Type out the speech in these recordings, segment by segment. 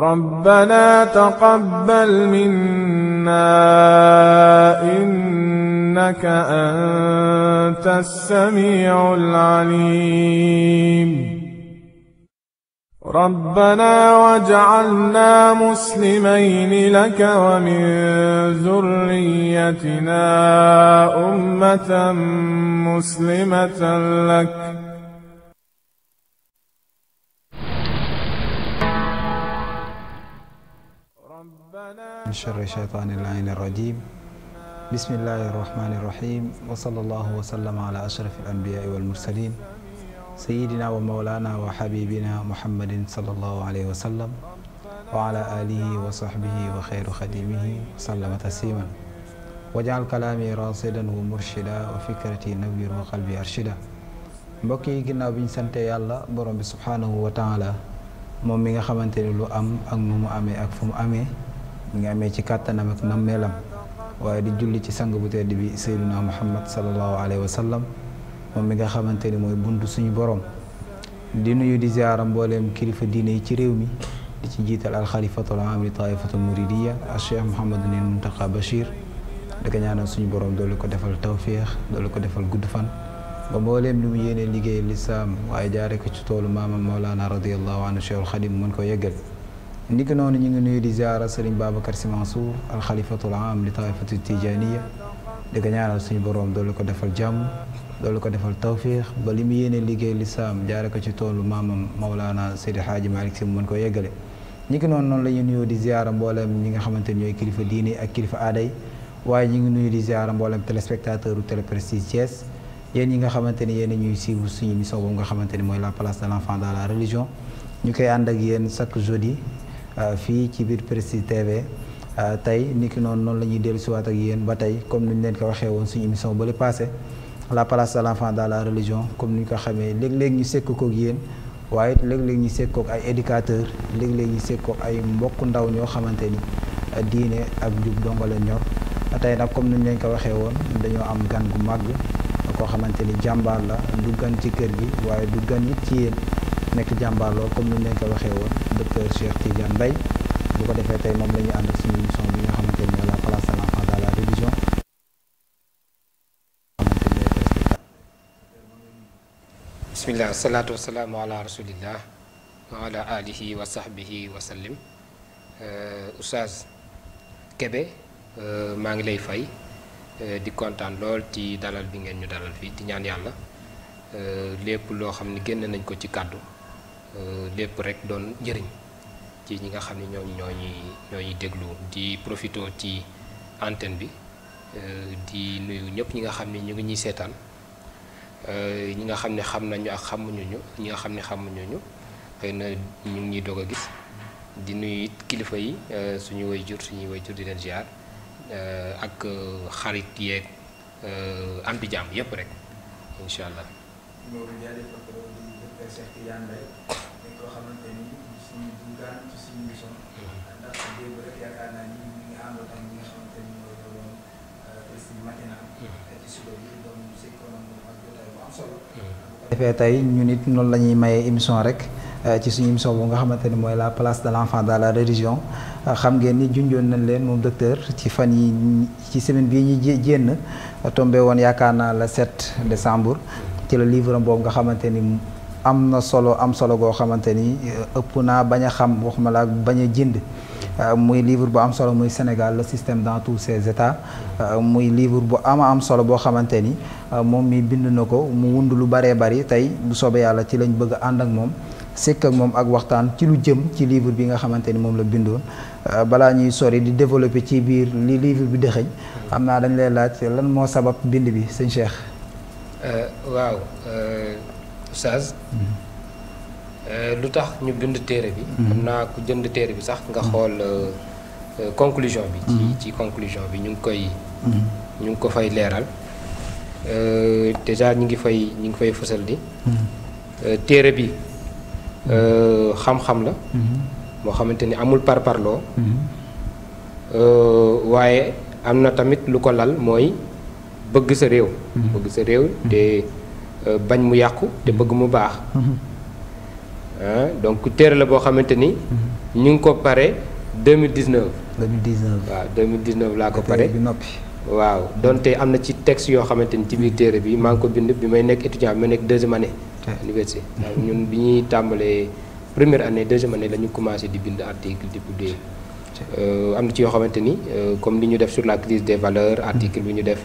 ربنا تقبل منا إنك أنت السميع العليم ربنا واجعلنا مسلمين لك ومن ذريتنا أمة مسلمة لك من شر شيطان العين الرجيم بسم الله الرحمن الرحيم وصلى الله وسلم على أشرف الأنبياء والمرسلين سيدنا ومولانا وحبيبنا محمد صلى الله عليه وسلم وعلى آله وصحبه وخير خديمه وسلم تسليما وجعل كلامي راصدا ومرشدا وفكرتي نوير وقلبي أرشدا mbokk yi ginnaaw bi ñu sante yàlla borom bi subhaanahu wa ام ام ام ام ام mi nga amee ci kàttanam nam nammeelam waaye di julli ci sang bu tedd bi sayduna muhammad salallahu alayhi wa sallam moom mi nga xamante ni mooy bunt suñu borom di nuyu di ziara mbooleem kilifa diine yi ci réew mi di ci jiital alxalifatul am li taifatul muridiya ak cheikh mouhamadunil muntaqa bachir di ko ñaanal suñu borom doolu ko defal tawféex doolu ko defal gudd fan ba mbooleem li mu yéene liggéey lislaam waaye jaare ko ci toolu maamam maolana radiallahu anhu mën ko yeggal ni ki noonu ñu ngi nuyu di ziara Serigne Babacar Sy Mansour alxalifatul am li taifatu tijaniya di ko ñaanal suñu borom doolu ko defal jàmm doolu ko defal tawfiix ba li mu yéene liggéey lislaam jaare ko ci toolu maamam Maulana Seydi Hadji Malick Sy mu mën koo yeggale ñi ki noonu noonu la ñu nuyu di ziara mboolem ñi nga xamante ni ñooy kilifa diini ak kilifa aaday waaye ñu ngi nuyu di ziara mboolem téléspectateur u Télé Prestige Thiès ñi nga xamante ni yéen ñuy suivre suñu émission boobu nga xamante ni mooy la place de l'enfant dans la religion ñu ànd ak yéen chaque jeudi Euh, fii ci biir Prestige TV euh, tey niki noonu noonu la ñuy dellu siwaat ak yéen ba tey comme ni ñu leen ko waxee woon suñu émission ba le passé la place de l'enfant dans la religion comme ni ñu ko xamee léeg-léeg ñu sekk koog yéen waaye it léeg-léeg ay éducateur léeg-léeg ñu sekk ay mbokk ndaw ñoo xamante ni euh, diine ak njub donga leen ñor tey nag comme ni ñu leen ko waxee woon dañoo am gan gu màgg koo xamante ni jàmbaar la du gan ci kër gi waaye du gan it ci yéen nekk jàmbaarloo comme ni ñu waxee woon docteur Cheikh Tidiane Mbaye bu ko defee tey moom la ñuy ànd ak suñu émission bi nga xamante ni la place à l'enfant dans religion bismillah salaatu wasalaamu ala rasulillah wa ala alihi wa sahbihi wa sallim euh, Oustaz euh, maa ngi lay fay euh, di kontaan lool ci dalal bi ngeen ñu dalal fii di ñaan yàlla lépp loo xam ne génn nañ ko ci kàddu lépp eh, rek doon jëriñ ci ñi nga xam ne ñoo ñooñuy ñooñuy déglu di profito ci antenne bi eh, di nuyu ñëpp ñi nga xam ne ñu ngi ñuy seetaan eh, ñi nga xam ne xam nañu ak xamuñu ñu ñi nga xam ne ñu xëy ñu ngi ñuy gis di nuyu it kilifa yi suñu way jur suñuy di leen ziar ak xarit yeeg am bi jàmm yëpp rek incha allah. Cheikh Tidiane Mbaye ni suñu defee tey ñu nit noonu la ñuy mayee émission rek euh, ci suñu émission bu nga xamante ni mooy la place de l'enfant dans la religion euh, xam ngeen ni junjoon nañ leen moom docteur ci fan yi ci semaine bii ñuy jénn tombé yaakaar naa la 7 décembre ci la livre am nga xamante ni am na solo am solo goo xamante ni euh, ëpp naa bañ a xam waxuma laa bañ jënd euh, muy livre bu am solo muy Sénégal le système dans tous ses états euh, muy livre bu ama am solo boo xamante ni moom mi bind na ko mu wund lu baree bari tey bu soobee yàlla ci lañ bëgg ànd ak moom sekk ak moom ak waxtaan ci lu jëm ci livre bi nga xamante ni moom la bindoon balaa ñuy sori di développer ci biir li livre bi dëxëñ xam naa dañ lay laaj lan moo sabab bind bi sëñ Cheikh waaw oustaz euh, lu tax ñu bind téere bi mun mhm. naa ku jënd téere bi sax nga mhm. xool euh, euh, conclusion bi ci mhm. ci conclusion bi ñu ngi koy ñu ngi ko fay leeral déjà ñu ngi fay ñu ngi fay fësal di téere bi xam-xam la moo xamante ni amul par parparloo waaye am na tamit lu ko lal mooy bëgg sa réew bëgg sa réew te Euh, bañ mu yàqu te bëgg mu baax ah, donc téere la boo xamante ni mhm. ñu ngi ko pare 2019 2019 waaw 2019 laa ko pare bi noppi waaw donte am na ci texte yoo xamante ni ci biir téere bi maa ngi ko bind bi may nekk étudiant bi may nekk deuxième année université ñun bi ñuy tàmbalee première année deuxième année la ñu commencé di bind article di publier euh, am na ci yoo xamante ni euh, comme li ñu def sur la crise des valeurs article bi ñu def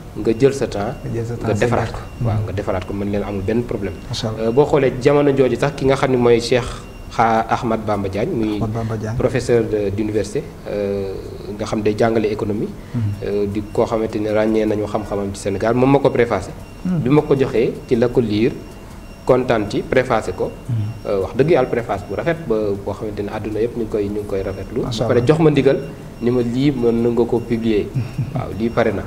nga jël sa temps nga defaraat ko waaw nga defaraat ko mën leen amul benn problème euh, boo xoolee jamono jooju sax ki nga xam ne cheikh Ahmad Bamba Diagne muy professeur d'université euh, nga xam day jàngale économie mhm. euh, di koo xamante ni ràññee nañu xam-xamam ci Sénégal moom ma ko préfacé mhm. bi ma ko joxee ci la ko liir kontaan ci préfacé ko mhm. wax dëgg yàlla préface bu rafet ba boo xamante ne àdduna yëpp ñu ngi koy ñu ngi koy rafetlu ba jox ma ndigal ni ma mën nga ko publier waaw na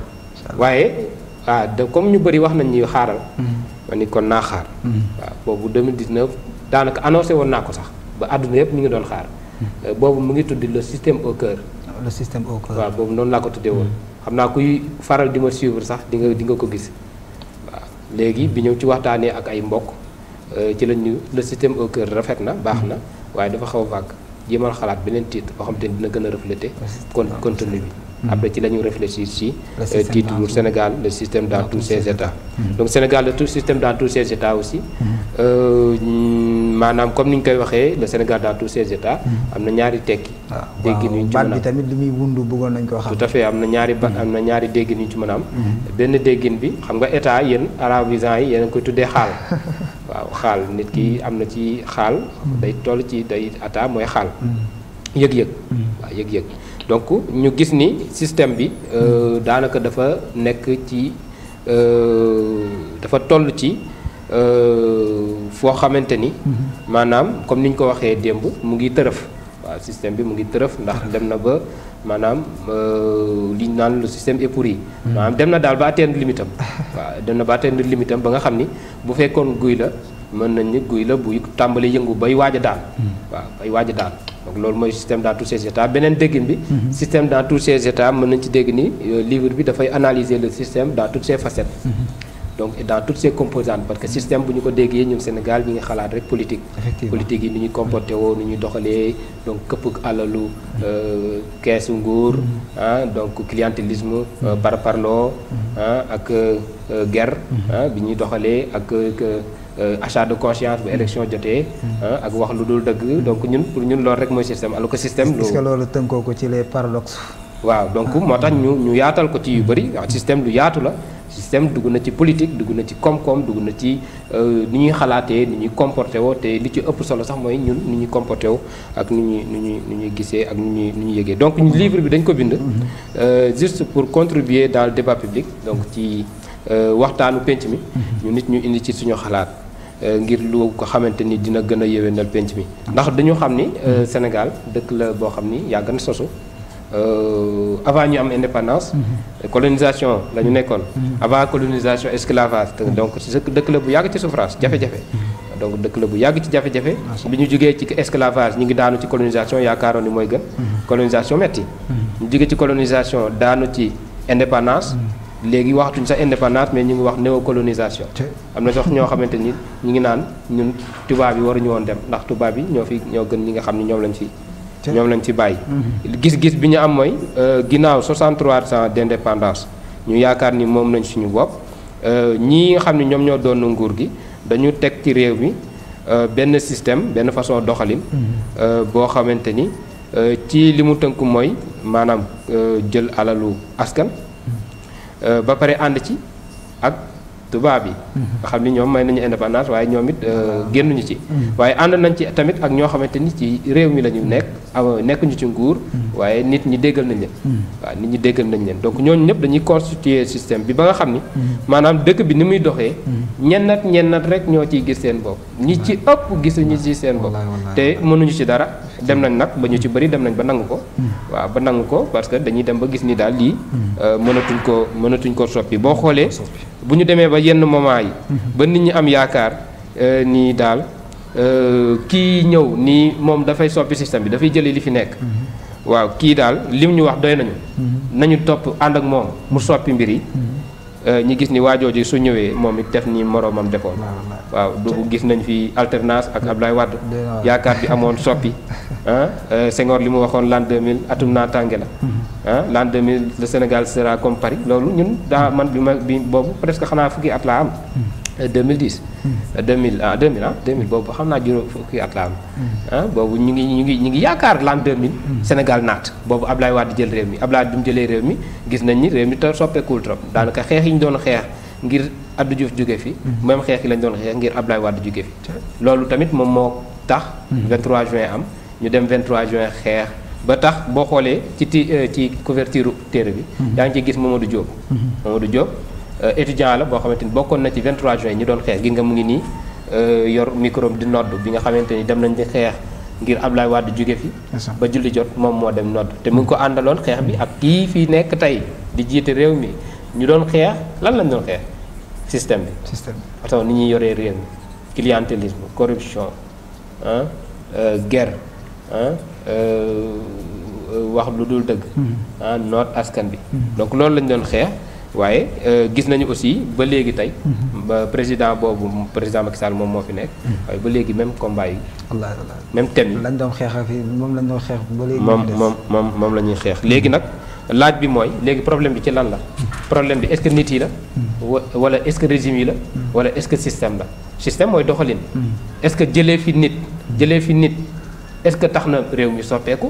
waaye ah de comme ñu bëri wax nañ ñuy xaaral. Hmm. ma ni kon naa xaar. Hmm. waaw boobu 2019 daanaka annoncé woon naa ko sax ba àdduna yëpp ñu ngi doon xaar. Hmm. Euh, boobu mu ngi tuddi le système au cœur. le système au cœur waaw boobu noonu laa ko tuddee woon. xam naa kuy faral di ma suivre sax di di nga ko gis waaw léegi bi ñëw ci waxtaanee ak ay mbokk euh, ci lañ ñu le système au cœur rafet na baax na waaye dafa xaw a vague jéemal xalaat beneen titre boo xam te ne dina gën a refléter. contenu bi. Mm-hmm. après ci la ñu réfléchir ci euh, titre Sénégal le système dans tous ses états mm-hmm. donc Sénégal le tout système dans tous ses états aussi mm-hmm. euh, maanaam comme ni ñu koy waxee le Sénégal dans tous ses états am na ñaari tekki dégg ni ñu ci mën tamit muy wundu bëggoon nañ ko xam tout à fait am na ñaari baat am na ñaari déggin yu ñu ci mën am benn déggin bi xam nga état yéen arabisants yi yéen a ngi koy tuddee xaal waaw xaal nit ki am na ci xaal day toll ci day ata mooy xaal yëg-yëg waaw yëg-yëg donc ñu gis ni système bi euh, daanaka dafa nekk ci euh, dafa toll ci euh, foo xamante ni mhm. maanaam comme niñ ko waxee démb mu ngi tërëf waaw système bi mu ngi tërëf ndax dem na ba maanaam euh, li naan le système est pourri mhm. maanaam dem na daal ba atteindre limitam waaw dem na ba atteindre limitam ba nga xam bu fekkoon guy la mën nañ ni guy la bu tàmbali yëngu bay waaj a daan mhm. waaw bay waaj a donc loolu système dans tous ces états benen déggin bi mhm. système dans tous ces états mën nañ ci euh, livre bi fait analyser le système dans toutes ses facettes mhm. donc dans toutes ses composantes parce que système bu ñu ko Sénégal ñu ngi politique politique yi ni ñuy comporté woo ni ñuy donc këpp alalu caisse mhm. euh, nguur ah, donc clientélisme euh, par parlo à ah, ak guerre ah, bini ñuy doxalee ak Euh, achat de conscience bu élection jotee. Hmm. Euh, ak wax lu dul dëgg. donc ñun pour ñun loolu rek mooy système alors que système. lu est ko ci les paradoxes. waaw donc ah. moo tax ñu ñu yaatal ko yu bëri système lu yaatu la. système dugg na ci politique dugg na ci koom dugg na ci euh, ni ñuy xalaatee ni ñuy comporté woo te li ci ëpp solo sax mooy ñun ni ñuy comporté woo ak nu ñuy ni ñuy ni ñuy gisee ak ni ñuy ni ñuy yëgee donc hmm. livre bi dañ ko bind. Hmm. juste pour contribuer daal le débat public donc ci waxtaanu penc mi. ñu nit ñu indi ci suñu xalaat. Euh, ngir lu ko xamante ni dina gën a yéwénal penc mi ndax dañu xam ni euh, mm-hmm. Sénégal dëkk la boo xam ni yàgg na sosu euh, avant ñu am indépendance mm-hmm. colonisation la ñu nekkoon mm-hmm. avant colonisation esclavage donc dëkk la bu yàgg ci souffrance jafe-jafe donc dëkk la bu yàgg ci jafe-jafe bi ñu jógee ci esclavage ñu ngi daanu ci colonisation yaakaaroon ni mooy gën colonisation metti ñu jógee ci colonisation daanu ci indépendance léegi waxatuñ sax indépendance mais ñu ngi wax néocolonisation am na sax ñoo xamante ni ñu ngi naan ñun tubaab yi waruñu woon dem ndax tubaab yi ñoo fi ñoo gën ñi nga xam ne lañ fi ñoom lañ fi bàyyi mhm. gis-gis bi ñu am mooy euh, ginnaaw 63 ans d' indépendance ñu yaakaar ni moom nañ suñu bopp euh, ñii nga xam ne ñoom ñoo doon nguur gi dañu teg ci réew mi euh, benn système benn façon doxalin mhm. boo xamante ci li mu tënk mooy jël alalu askan Euh, ba pare ànd ci ak tubaab yi. Mhm. nga xam ni ñoom may nañu indépendance waaye ñoom it euh, génnuñu ci. Mhm. waaye ànd nañ ci tamit ak ñoo xamante ni ci réew mi la ñu mhm. nekk. aw nekkuñu ci nguur hmm. waaye nit ñi déggal nañ leen hmm. waaw nit ñi déggal nañ leen donc ñooñu ñëpp dañuy constituer système bi ba nga xam ni hmm. maanaam dëkk bi ni muy doxee ñennat ñennat rek ñoo ciy gis seen bopp ñi ci ëpp gisuñu ci seen bopp te mënuñu ci dara dem nañ nag ba ñu ci bari dem nañ ba nangu ko waaw ba nangu ko parce que dañuy dem ba gis nii daal lii euh, mënatuñ ko mënatuñ ko soppi boo xoolee bu ñu demee ba yenn moment yi ba nit ñi am yaakaar euh, nii daal Euh, kii ñëw nii moom dafay soppi système bi dafay jëlee li fi nekk. Mhm. waaw kii daal lim ñu wax doy nañu. Mhm. nañu topp ànd ak moom mu soppi mbir yi. Mhm. Euh, ñu gis ni waajooju su ñëwee moom it def ni moroomam defoon. waaw du gis nañ fi alternance ak ab Abdoulaye Wade. yaakaar bi amoon soppi. Ah, euh, Senghor li mu waxoon l'an 2000 atum naataange la. ah l'an 2000 le Sénégal sera comme loolu ñun daa man bi ma boobu presque xanaa fukki at laa am. 2010. 2000 hmm. ah 2000 ah 2000 boobu xam naa juróom fukki at la am. Hmm. ah boobu ñu ngi ñu ngi ñu ngi yaakaar l'an 2000. Hmm. Sénégal naat boobu Ablaye Wade jël réew mi Ablaye bi mu jëlee réew mi gis nañ ni réew mi te soppeekul trop daanaka xeex yi ñu doon xeex ngir Abdou Diouf jóge fi. même xeex lañ doon xeex ngir Ablaye Wade jóge fi. loolu tamit moom moo tax. 23 juin am ñu dem 23 juin xeex. ba tax boo xoolee ci ti euh, ci couverture téere bi. daa ngi ciy gis moom a du Diop. Euh, étudiant la boo xamante ni bokkoon na ci 23 juin ñu doon xeex gi nga mu ngi nii euh, yor micro di nodd bi nga xamante ni dem nañ di xeex ngir Ablaye Wade jóge fi ba julli jot moom moo dem nodd te mu ngi ko àndaloon xeex bi ak kii fii nekk tey di jiite réew mi ñu doon xeex lan lañ doon xeex système bi système ni mi clientélisme corruption hein, euh, guerre hein, euh, wax lu dul dëgg mm-hmm. noot askan bi mm-hmm. donc loolu lañ doon waaye euh, gis nañu aussi ba léegi tey. ba président boobu président Macky Sall moom moo fi nekk. waaye ba léegi même combat yi. wallaahi wallaahi même thème yi. lañ doon xeex fii moom lañ doon xeex ba léegi. moom moom moom la ñuy xeex léegi nag laaj bi mooy léegi problème bi ci lan la. problème bi est nit yi la. wala est-ce que régime yi la. wala est-ce que système la. système mooy doxalin. Hmm. est-ce que jëlee fi nit. jëlee fi nit est-ce que tax na réew mi soppeeku.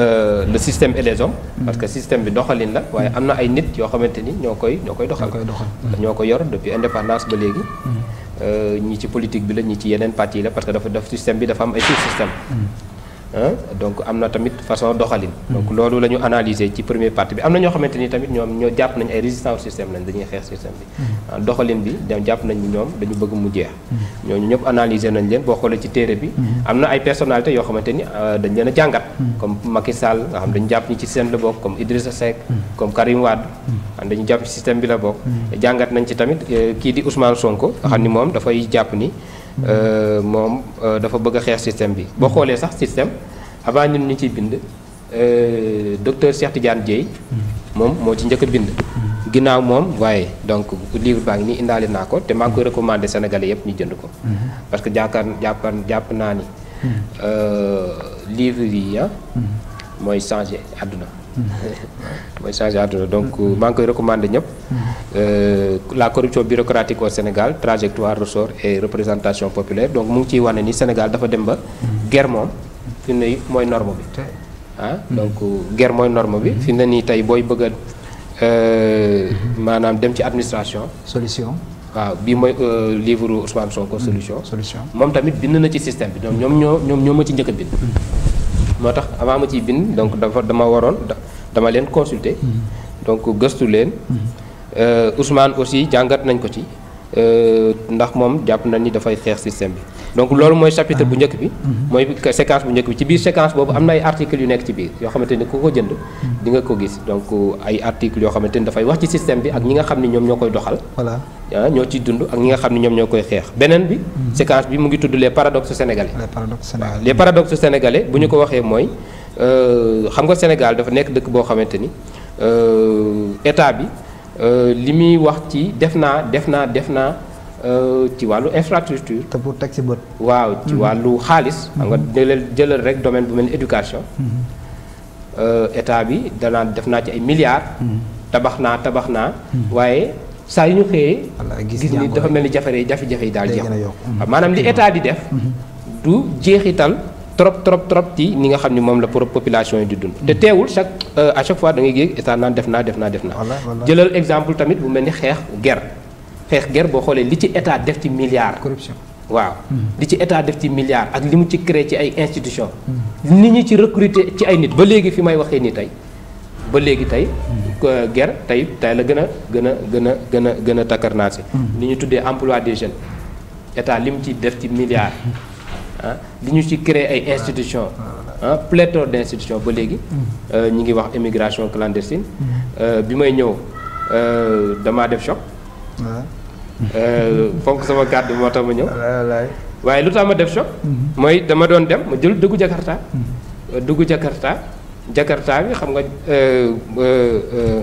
Euh, le système et les hommes. Mm-hmm. parce que système bi doxalin la waye mm-hmm. amna ay nit yo xamanteni ñokoy ñokoy doxal. ñokoy mm-hmm. yor depuis indépendance ba légui euh ñi ci politique bi la ñi ci yenen parti la parce que dafa def système bi dafa am ay système donc am na tamit façon doxalin. donc loolu la ñu analyser ci premier partie bi am na ñoo xamante ni tamit ñoom ñoo jàpp nañ ay résistance au système lañ dañuy xeex système bi. Mm-hmm. Ah, doxalin bi ñoom jàpp nañ ñoom dañu bëgg mu jeex. Mm-hmm. ñooñu ñëpp analyser nañ leen boo xoolee ci téere bi. Mm-hmm. am na ay personnalité yoo xamante ni ah, dañ leen a jàngat. comme Macky Sall nga xam jàpp ni ci système la bokk comme Idrissa Seck. comme Karim Wade. Ah, jàpp ci bi la bokk. jàngat nañ ci tamit eh, kii di Ousmane Sonko nga xam ni moom dafay jàpp nii Euh, moom euh, dafa bëgg a xeex système bi boo xoolee sax système avant ñun ñu ciy bind euh, docteur Cheikh Tidiane mm. moom moo ci njëkk bind mm. ginnaaw moom waaye donc livre baa ngi nii indaale naa ko te maa ngi koy recommandé Sénégalais yëpp ñu jënd ko mm-hmm. parce que jaakaar jàppan jàpp naa ni mm. livre yi ah mooy changé àdduna donc mm-hmm. mm-hmm. euh, la corruption bureaucratique au Sénégal trajectoire ressort et représentation populaire donc mu Sénégal dafa dem ba. Mm-hmm. guerre moom norme ah, donc guerre mooy norme bi fi administration. solution. waaw bii euh, livre solution. solution moo tax avant ma ciy bind donc dafa dama waroon dama leen consulter. Mm-hmm. donc gëstu leen. Mm-hmm. Euh, Ousmane aussi jàngat nañ ko ci euh, ndax moom jàpp nañ ni dafay xeex système bi. donc loolu mooy chapitre bu ah. njëkk bi mhm. mooy séquence bu njëkk bi ci biir séquence boobu am na ay articles yu nekk ci biir yoo xamante ni ku ko jënd mhm. di nga ko gis donc ay articles yoo xamante ni dafay wax ci système bi ak ñi nga xam ni ñoom ñoo koy doxal voilà ah, ñoo ciy dund ak ñi nga xam ni ñoom ñoo koy xeex beneen bi mhm. séquence bi mu ngi tudd les paradoxes sénégalais waaw les paradoxes sénégalais bu ñu ko waxee mooy euh, xam nga Sénégal dafa nekk dëkk boo xamante ni euh, état bi euh, li muy wax ci def naa def naa def naa ci eh, walu infrastructure te pour tek ci beut waaw ci walu xaliss mhm. mhm. nga jëlal jëlal rek domaine bu mel éducation euh état bi dana def na ci ay milliards tabax na tabax na waye sa yu ñu xeye gis ni dafa melni jafare jafi jafi dal jeex manam li état di def du jeexital trop trop trop ti ni nga xamni mom la pour population yi di dund te téwul chaque euh, à chaque fois da ngay gis état nan def na def na def na jëlal exemple tamit bu melni xex guerre xeex ger boo xoolee li ci état def ci milliards. corruption waaw. Mm-hmm. li ci état def ci milliards ak li mu ci créé ci ay institutions. nit ñi ci recruter ci ay nit ba léegi fi may waxee nii tey ba léegi tey. Mm-hmm. Euh, ger tey tey la gën a gën a gën a gën a gën a mm-hmm. ñu tuddee emploi des jeunes état li mu ci def ci milliards. ah li ñu ci créé ay institutions. ah, ah pléthore d' institutions ba léegi. Euh, ñu ngi wax immigration clandestine. Euh, bi may ñëw dama def choc. Euh, fonk sama kàddu moo tax ma ñëw. waaye lu tax ma def choc. Mhm. mooy dama doon dem ma jël dugg Jakarta. Mhm. Euh, dugg Jakarta Jakarta bi xam nga euh,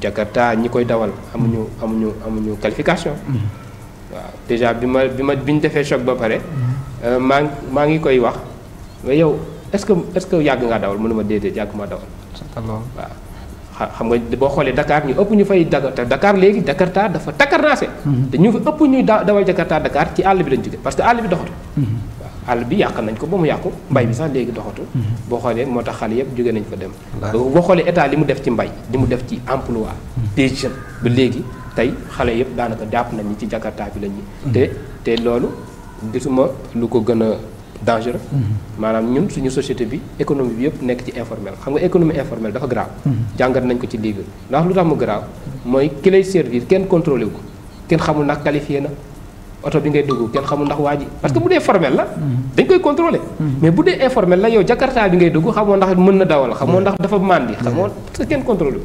Jakarta ñi koy dawal amuñu mhm. amuñu amuñu qualification. waaw déjà bi ma bi ma bi ñu defee choc ba pare. maa ngi maa ngi koy wax mais yow est-ce que est-ce que yàgg ngaa dawal mënuma déedéet yàgg ma dawal. waaw. xam nga boo xoolee Dakar ñu ëpp ñu fay Dakar Dakar léegi Jakarta dafa takarnaase mhm. te ñu fi ëpp ñuy dawal Jakarta Dakar ci àll bi lañ jóge parce que àll bi doxatu mhm. àll bi yàq nañ ko ba mu yàqu mhm. mbay bi sax léegi doxatu boo xoolee moo tax xale yëpp jóge nañ fa dem boo xoolee état li mu def ci mbay li mu def ci emploi des jeunes ba léegi tey xale yëpp daanaka jàpp nañ ni ci Jakarta bi lañ ñi te te loolu gisuma lu ko gën dangereux. maanaam ñun suñu société bi économie bi yëpp nekk ci informel xam nga économie informelle dafa grave. jàngat nañ ko ci liggéey ndax lu tax mu grave mooy ki lay servir kenn contrôlé wu ko kenn xamul ndax qualifié na oto bi ngay duggu kenn xamul ndax waa ji parce que bu dee formel la. dañ koy contrôlé. mais bu dee informel la yow jakarta bi ngay dugg xamoo ndax mën na dawal xamoo ndax dafa màndi xamoo parce que kenn contrôlé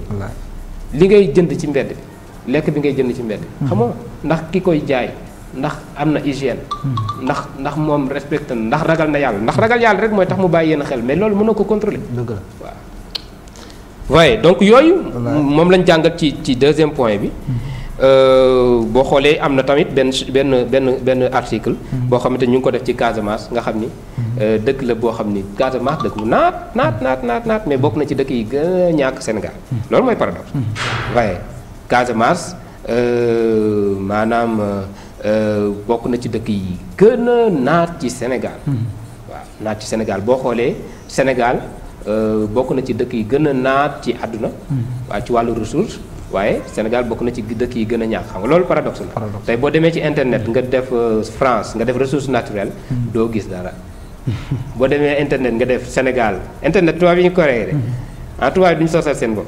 li ngay jënd ci mbedd lekk bi ngay jënd ci mbedd. Hmm. xamoo ndax ki koy jaay. ndax am na hygiène. Hmm. ndax ndax moom respecté ndax ragal na yàlla ndax ragal yàlla rek mooy tax mu bàyyi yenn xel mais loolu mënoo ko contrôler. dëgg la waaw. waaye donc yooyu. moom lañ jàngat ci ci deuxième point bi. Hmm. Euh, boo xoolee am na tamit benn benn benn benn article. Hmm. boo xamante ñu ngi ko def ci Casamance nga xam ni. Euh, dëkk la boo xam ni Casamance dëkk bu naat naat naat naat naat mais bokk na ci dëkk yi gën a ñàkk Sénégal. loolu mooy paradoxe. waaye Casamance euh, maanaam. Euh, bokk na ci dëkk yi gën a naat ci Sénégal. Hmm. waaw naat ci Sénégal boo xoolee Sénégal euh, bokk na ci dëkk yi gën a naat ci àdduna. Hmm. waaw ci wàllu ressource. waaye Sénégal bokk na ci dëkk yi gën a ñaax xam loolu paradoxe la. tey boo demee ci internet nga def euh, France nga def ressource naturelle. Hmm. doo gis dara. boo demee internet nga def Sénégal internet tubaab yi ñu ko créé de. Ah, tubaab yi du ñu sosal seen bopp.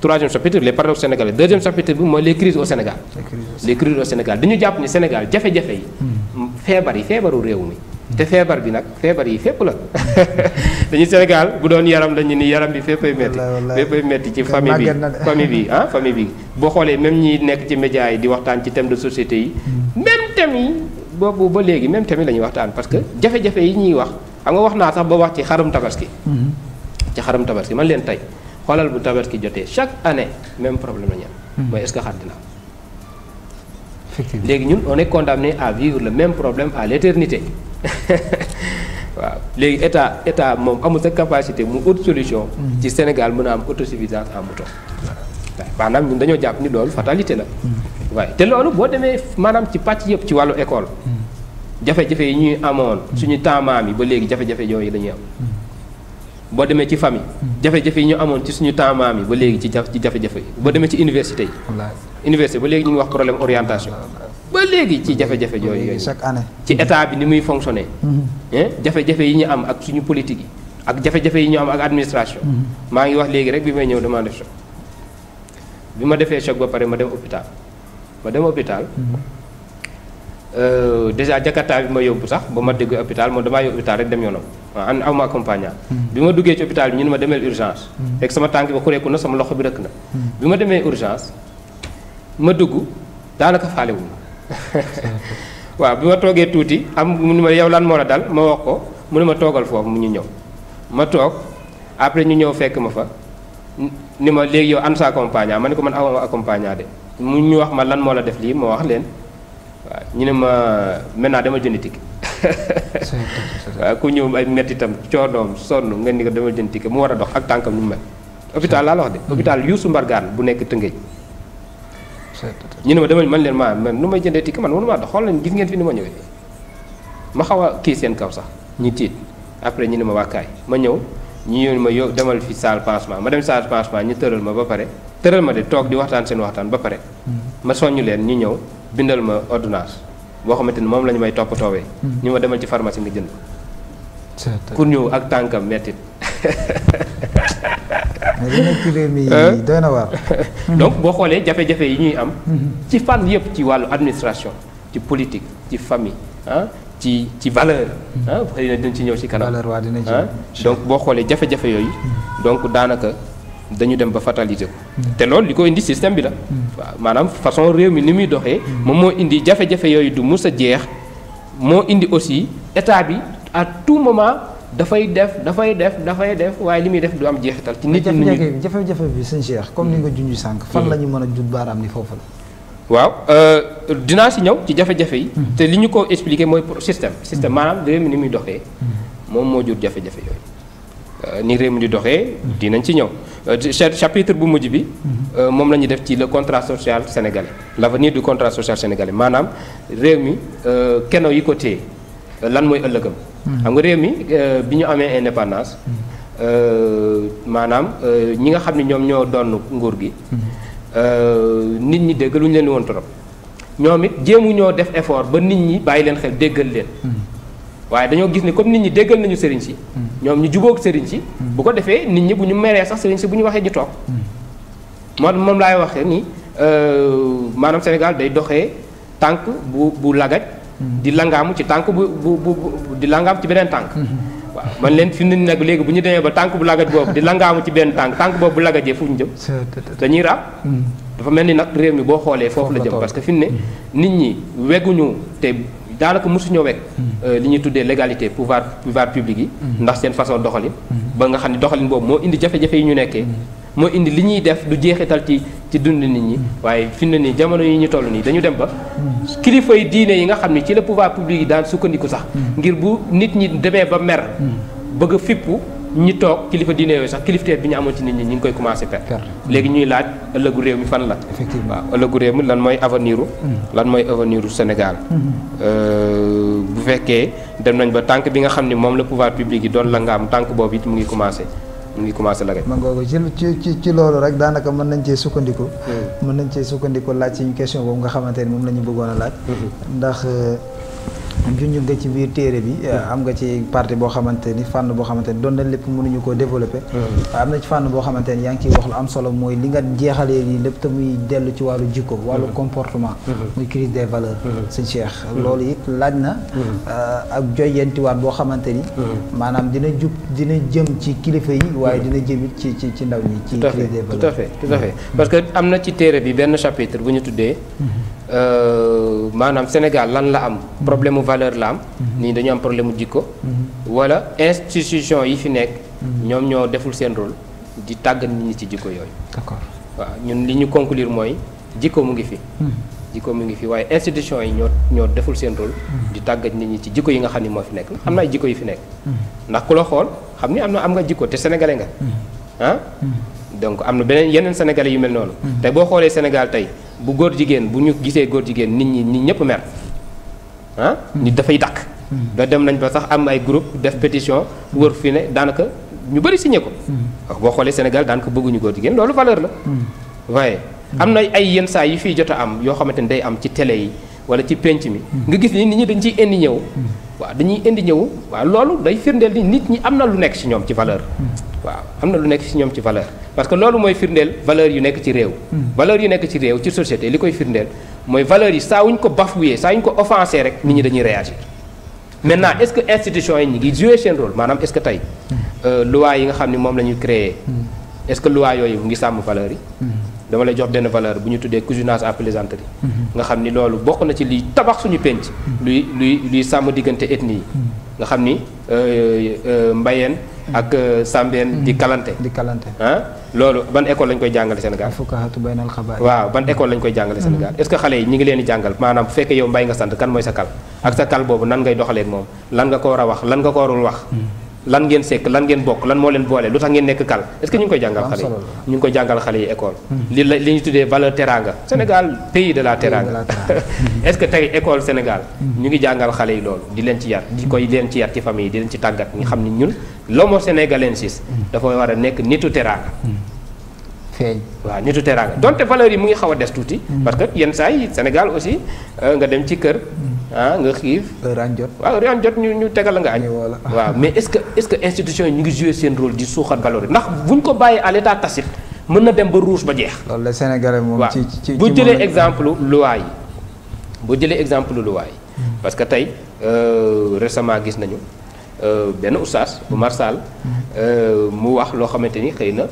troisième chapitre les paradoxes sénégalais deuxième chapitre bi mooy les crises au Sénégal. les crises au Sénégal dañu jàpp ni Sénégal jafe-jafe yi. Hmm. feebar yi feebaru réew mi. Hmm. te feebar bi nag feebar yi fépp la dañu Sénégal bu doon yaram dañu ni yaram bi féppay metti féppay metti ci famille bi famille bi ah famille bi boo xoolee même ñi nekk ci médias yi di waxtaan ci thème de société yi hmm. même thème yi boobu ba léegi même thème yi la waxtaan parce que jafe-jafe yi ñuy wax xam nga wax naa tax ba wax ci xarum tabaski ci xarum tabaski man leen tey xoolal bu tabaski jotee chaque année même problème la ñu am. Hmm. mooy est-ce que xar dina léegi ñun on est condamné à vivre le même problème à l'éternité waaw léegi état état moom amul sa capacité mu autre solution. Hmm. ci Sénégal mën a am autosuffisance en mouton. waaw maanaam ñun dañoo jàpp ni loolu fatalité la. Hmm. waaye te loolu boo demee maanaam ci pàcc yëpp ci wàllu école. jafe-jafe yi ñuy amoon. suñu taamaam yi ba léegi jafe-jafe yooyu la ñuy am. boo demee ci famille hmm. jafe-jafe yi ñu amoon ci suñu temps maam yi ba léegi ci jafe-jafe yi boo demee ci université yi université ba léegi ñu ngi wax problème orientation ba léegi ci jafe-jafe yooyu chaque année ci état bi ni muy fonctionner hmm. eh, jafe-jafe yi ñu am ak suñu politique yi ak jafe-jafe yi ñu am ak administration hmm. maa ngi wax léegi rek bi may ñëw damaa def bi ma defee choc ba pare ma dem hôpital ma dem hôpital Euh, déjà Jakarta bi ma yóbbu sax ba ma dégg hôpital moom damaa yóbbu rek dem yoonam waaw an aw ma accompagnant hmm. bi ma duggee ci hôpital bi ñu ne ma demeel urgence hmm. fekk sama tànk ba xureeku na sama loxo na hmm. bi ma demee urgence ma dugg daanaka faalewu ma waaw bi ma toogee tuuti am mu ne ma yow lan moo la dal ma wax ko mu ne ma toogal foofu mu ñu ñëw ma toog après ñu ñëw fekk ma fa ni ma léegi yow an sa accompagnant ma ne ko man awma accompagnant de mu ñu wax ma lan moo la def lii ma wax leen ñu ne ma naa demal jënd ticket. waaw ku ñëw ay mettitam coonoom sonn nga ni ko dama jënd ticket mu war a dox ak tànkam ñu mel. hôpital laa la wax de. Hmm. hôpital Youssou Mbargane bu nekk Tëngéej. ñu ne ma dama man leen ma man nu may jëndee tikk man mënu dox xool leen gis ngeen fi ni ma ñëwee. ma xaw a kii seen kaw sax ñi tiit après ñu ne ma wàkkaay ma ñëw ñu yónni ma yow demal fi salle pansement ma dem salle pansement ñu tëral ma ba pare tëral ma de toog di waxtaan seen waxtaan ba pare. Hmm. ma soññu leen ñu ñëw. bindal ma ordonnance boo xamante ni moom la ñu may toppatoowee. ñu hmm. ma demal ci pharmacie nga jënd ku ñëw ak tànkam mettit doy na waar. donc boo xoolee jafe-jafe yi ñuy am. Hmm. ci fànn yëpp ci wàllu administration ci politique ci famille ah ci ci valeur. ah xëy na dinañ ci ñëw ci kanam. valeur dinañ ci donc boo xoolee jafe-jafe yooyu. donc daanaka. dañu dem ba fataliser ko. Mm. te loolu li ko indi système bi la. Mm. waaw maanaam façon réew mi ni muy doxee. Mm. moom moo indi jafe yooyu du mus a jeex moo indi aussi état bi à tout moment. dafay def dafay def dafay def waaye li muy def du am jeexital. ci nit ñi jafe-jafe jafe-jafe comme ni nga junj sànq. fan la ñu mën a jut baaraam ni foofu la. waaw euh, dinaa si ñëw ci jafe te li ñu ko expliqué mooy système. système maanaam réew mi ni muy doxee. moom moo jur jafe-jafe yooyu. Euh, ni réew mi di doxee. dinañ ci ñëw Euh, chapitre bu mujj bi mhm. euh, moom la ñuy def ci le contrat social sénégalais l'avenir du contrat social sénégalais maanaam réew mi euh, keno yi ko téye lan mooy ëllëgam mhm. xam nga réew mi bi ñu amee indépendance mhm. maanaam ñi nga xam ni ñoom ñoo doon nguur gi nit ñi dégg lu ñu leen woon trop ñoom it jéemu ñoo def effort ba nit ñi bàyyi leen xel déggal leen waaye dañoo gis ne comme nit ñi déggal nañu sëriñ si mm. ñoom ñu jubook sëriñ si mm. bu ko defee nit ñi bu ñu meree sax sëriñ si bu ñu waxee ñu toog mm. moo moom laay waxee ni euh, maanaam senegal day doxee tànk bu bu lagaj di langaamu ci tànk bu bu bu di ci beneen tànk mm-hmm. man leen fi mu ne nag bu ñu demee ba tànk bu lagaj boobu di langaamu ci benn tànk tànk boobu bu lagajee fu ñu jëm dañuy raab dafa mel ni nag réew mi boo xoolee foofu la jëm parce que fin ne nit ñi weguñu te daanaka mosuñoo wekk hmm. euh, li ñuy tuddee légalité pouvoir pouvoir public yi hmm. ndax seen façon doxalin hmm. ba nga xam ne doxalin boobu moo indi jafe-jafe yi ñu nekkee moo indi li ñuy def du jeexital ci ci dund nit ñi waaye fi mu ne nii jamono yi ñu toll nii dañu dem ba kilifay diine yi nga xam ne ci la pouvoir public yi daan sukkandiku sax ngir bu nit ñi demee ba mer bëgg a fippu ñi toog kilifa diine yooyu sax kilifteef bi ñu amoon ci nit ñi ñu ngi koy commencé per léegi ñuy laaj ëllëgu réew mi fan la effectivement waaw ëllëgu réew mi lan mooy avenir mm. lan mooy avenir u Sénégal mm-hmm. euh, bu fekkee dem nañ ba tànk bi nga xam ne moom la pouvoir public yi doon la nga am tànk boobu it mu ngi commencé mu ngi commencé la man googu ci ci ci loolu rek daanaka mën nañ cee sukkandiku mm. mën nañ cee sukkandiku laaj ci question boobu nga xamante ni moom la ñu bëggoon a laaj mm-hmm. ndax euh, junjun nga ci biir téere bi hmm. am nga ci partie boo xamante ni fànn boo xamante ni doon na lépp mënuñu koo développé hmm. am na ci fànn boo xamante ni yaa ngi ciy wax lu am solo mooy li nga jeexalee nii lépp te muy dellu ci wàllu jikko wàllu hmm. comportement muy crise des valeurs sëñ Cheikh loolu it laaj na euh, ak joyantiwaat boo xamante ni maanaam dina jub dina jëm ci kilifa yi waaye dina jëm ci ci ci ndaw ñi ci crise des valeurs tout à fait tout parce que am na ci téere bi benn chapitre bu ñu tuddee euh, manam Sénégal lan la am problème valeur la am. Mhm. nii dañu am problème mu jikko. Mhm. wala institution yi fi nek mhm. ñom ñoo deful sen rôle di tàggat nit ñi ci djiko yoy d'accord wa ñun li ñu conclure moy djiko mu ngi fi. djiko mu ngi fi waaye institution yi ñoo ñoo deful sen rôle. di tàggat nit ñi ci djiko yi nga xamni mo fi nek amna djiko yi fi nek ndax ku la xol xamni amna am nga djiko te sénégalais nga. hein donc amna benen yenen sénégalais yu mel nonu te bo xolé Sénégal tay bu góor jigéen bu ñu gisee góor jigéen nit ñi nit ñëpp mer ah nit dafay dakk da dem nañ ba sax am ay groupe def pétition wër fi ne daanaka ñu bëri signé ko hmm. boo xoolee Sénégal daanaka bëgguñu góor jigéen loolu valeur la hmm. waaye hmm. am na ay yenn saa yi fiy jot am yoo xamante ni day am ci télé yi wala ci pénc mi nga gis ni nit ñi dañ ciy indi ñëw waaw dañuy indi ñëw waa loolu day firndeel ni nit ñi am na lu nekk ci ñoom ci valeur. Hmm. waaw am na lu nekk ci ñoom ci valeur parce que loolu mooy firndeel valeur yu nekk ci réew. Hmm. valeur yu nekk ci réew ci société li koy firndeel mooy valeur yi saa wuñ ko bafoué saa wuñ ko offensé rek nit ñi dañuy réagir maintenant hmm. est-ce que institution yi ñu ngi joué seen rôle maanaam est-ce que tey euh, loi yi nga xam ni moom la ñu créé. est-ce que loi yooyu mu ngi sàmm valeur yi. dama lay jox benn valeur bu ñu tuddee cousinage à plaisanterie mhm. nga xam ni loolu bokk na ci liy tabax suñu penc. Mhm. luy luy luy sàmm diggante ethnie yi. Mhm. nga xam ni euh, euh, mbayeen ak euh, sàmbeen di kalante. di kalante ah loolu ban école lañ koy jàngale Sénégal. fukahaatu baynal xabaar waaw ban école lañ koy jàngale Sénégal est-ce xale yi ñu ngi leen di jàngal maanaam bu fekkee yow mbay nga sant kan mooy sa kal ak sa kal boobu nan ngay doxalee moom lan nga ko war a wax lan nga ko warul wax. lan ngeen sekk lan ngeen bokk lan moo leen boole lu tax ngeen nekk kal est-ce que ñu ngi koy jàngal xale yi ñu ngi koy jàngal xale yi école hmm. li la li ñu tuddee valeur teranga hmm. Sénégal pays de la est-ce que tey école Sénégal hmm. ñu ngi jàngal xale yi loolu di leen ci yar di koy leen ci yar ci famille di leen ci tàggat nga xam ni ñun leen sénégalensis dafa war a nekk nitu teranga feeñ waaw nitu teraanga donte valeur yi mu ngi xaw a des tuuti. Mm. parce que yenn saa Sénégal aussi euh, nga dem ci kër. Mm. ah nga xiif. raan jot waaw jot ñu ñu tegal la nga añ. waaw mais est-ce que est que institution yi ñu ngi jouer seen rôle di suuxat valeur yi ndax bu ñu ko bàyyi à l'état mën na dem ba rouge ba jeex. loolu la Sénégalais moom ci ci bu jëlee exemple lu yi bu jëlee exemple loi mm. parce que tey euh, récemment gis nañu euh, benn oustaz Oumar Sall mu wax loo xamante ni xëy na.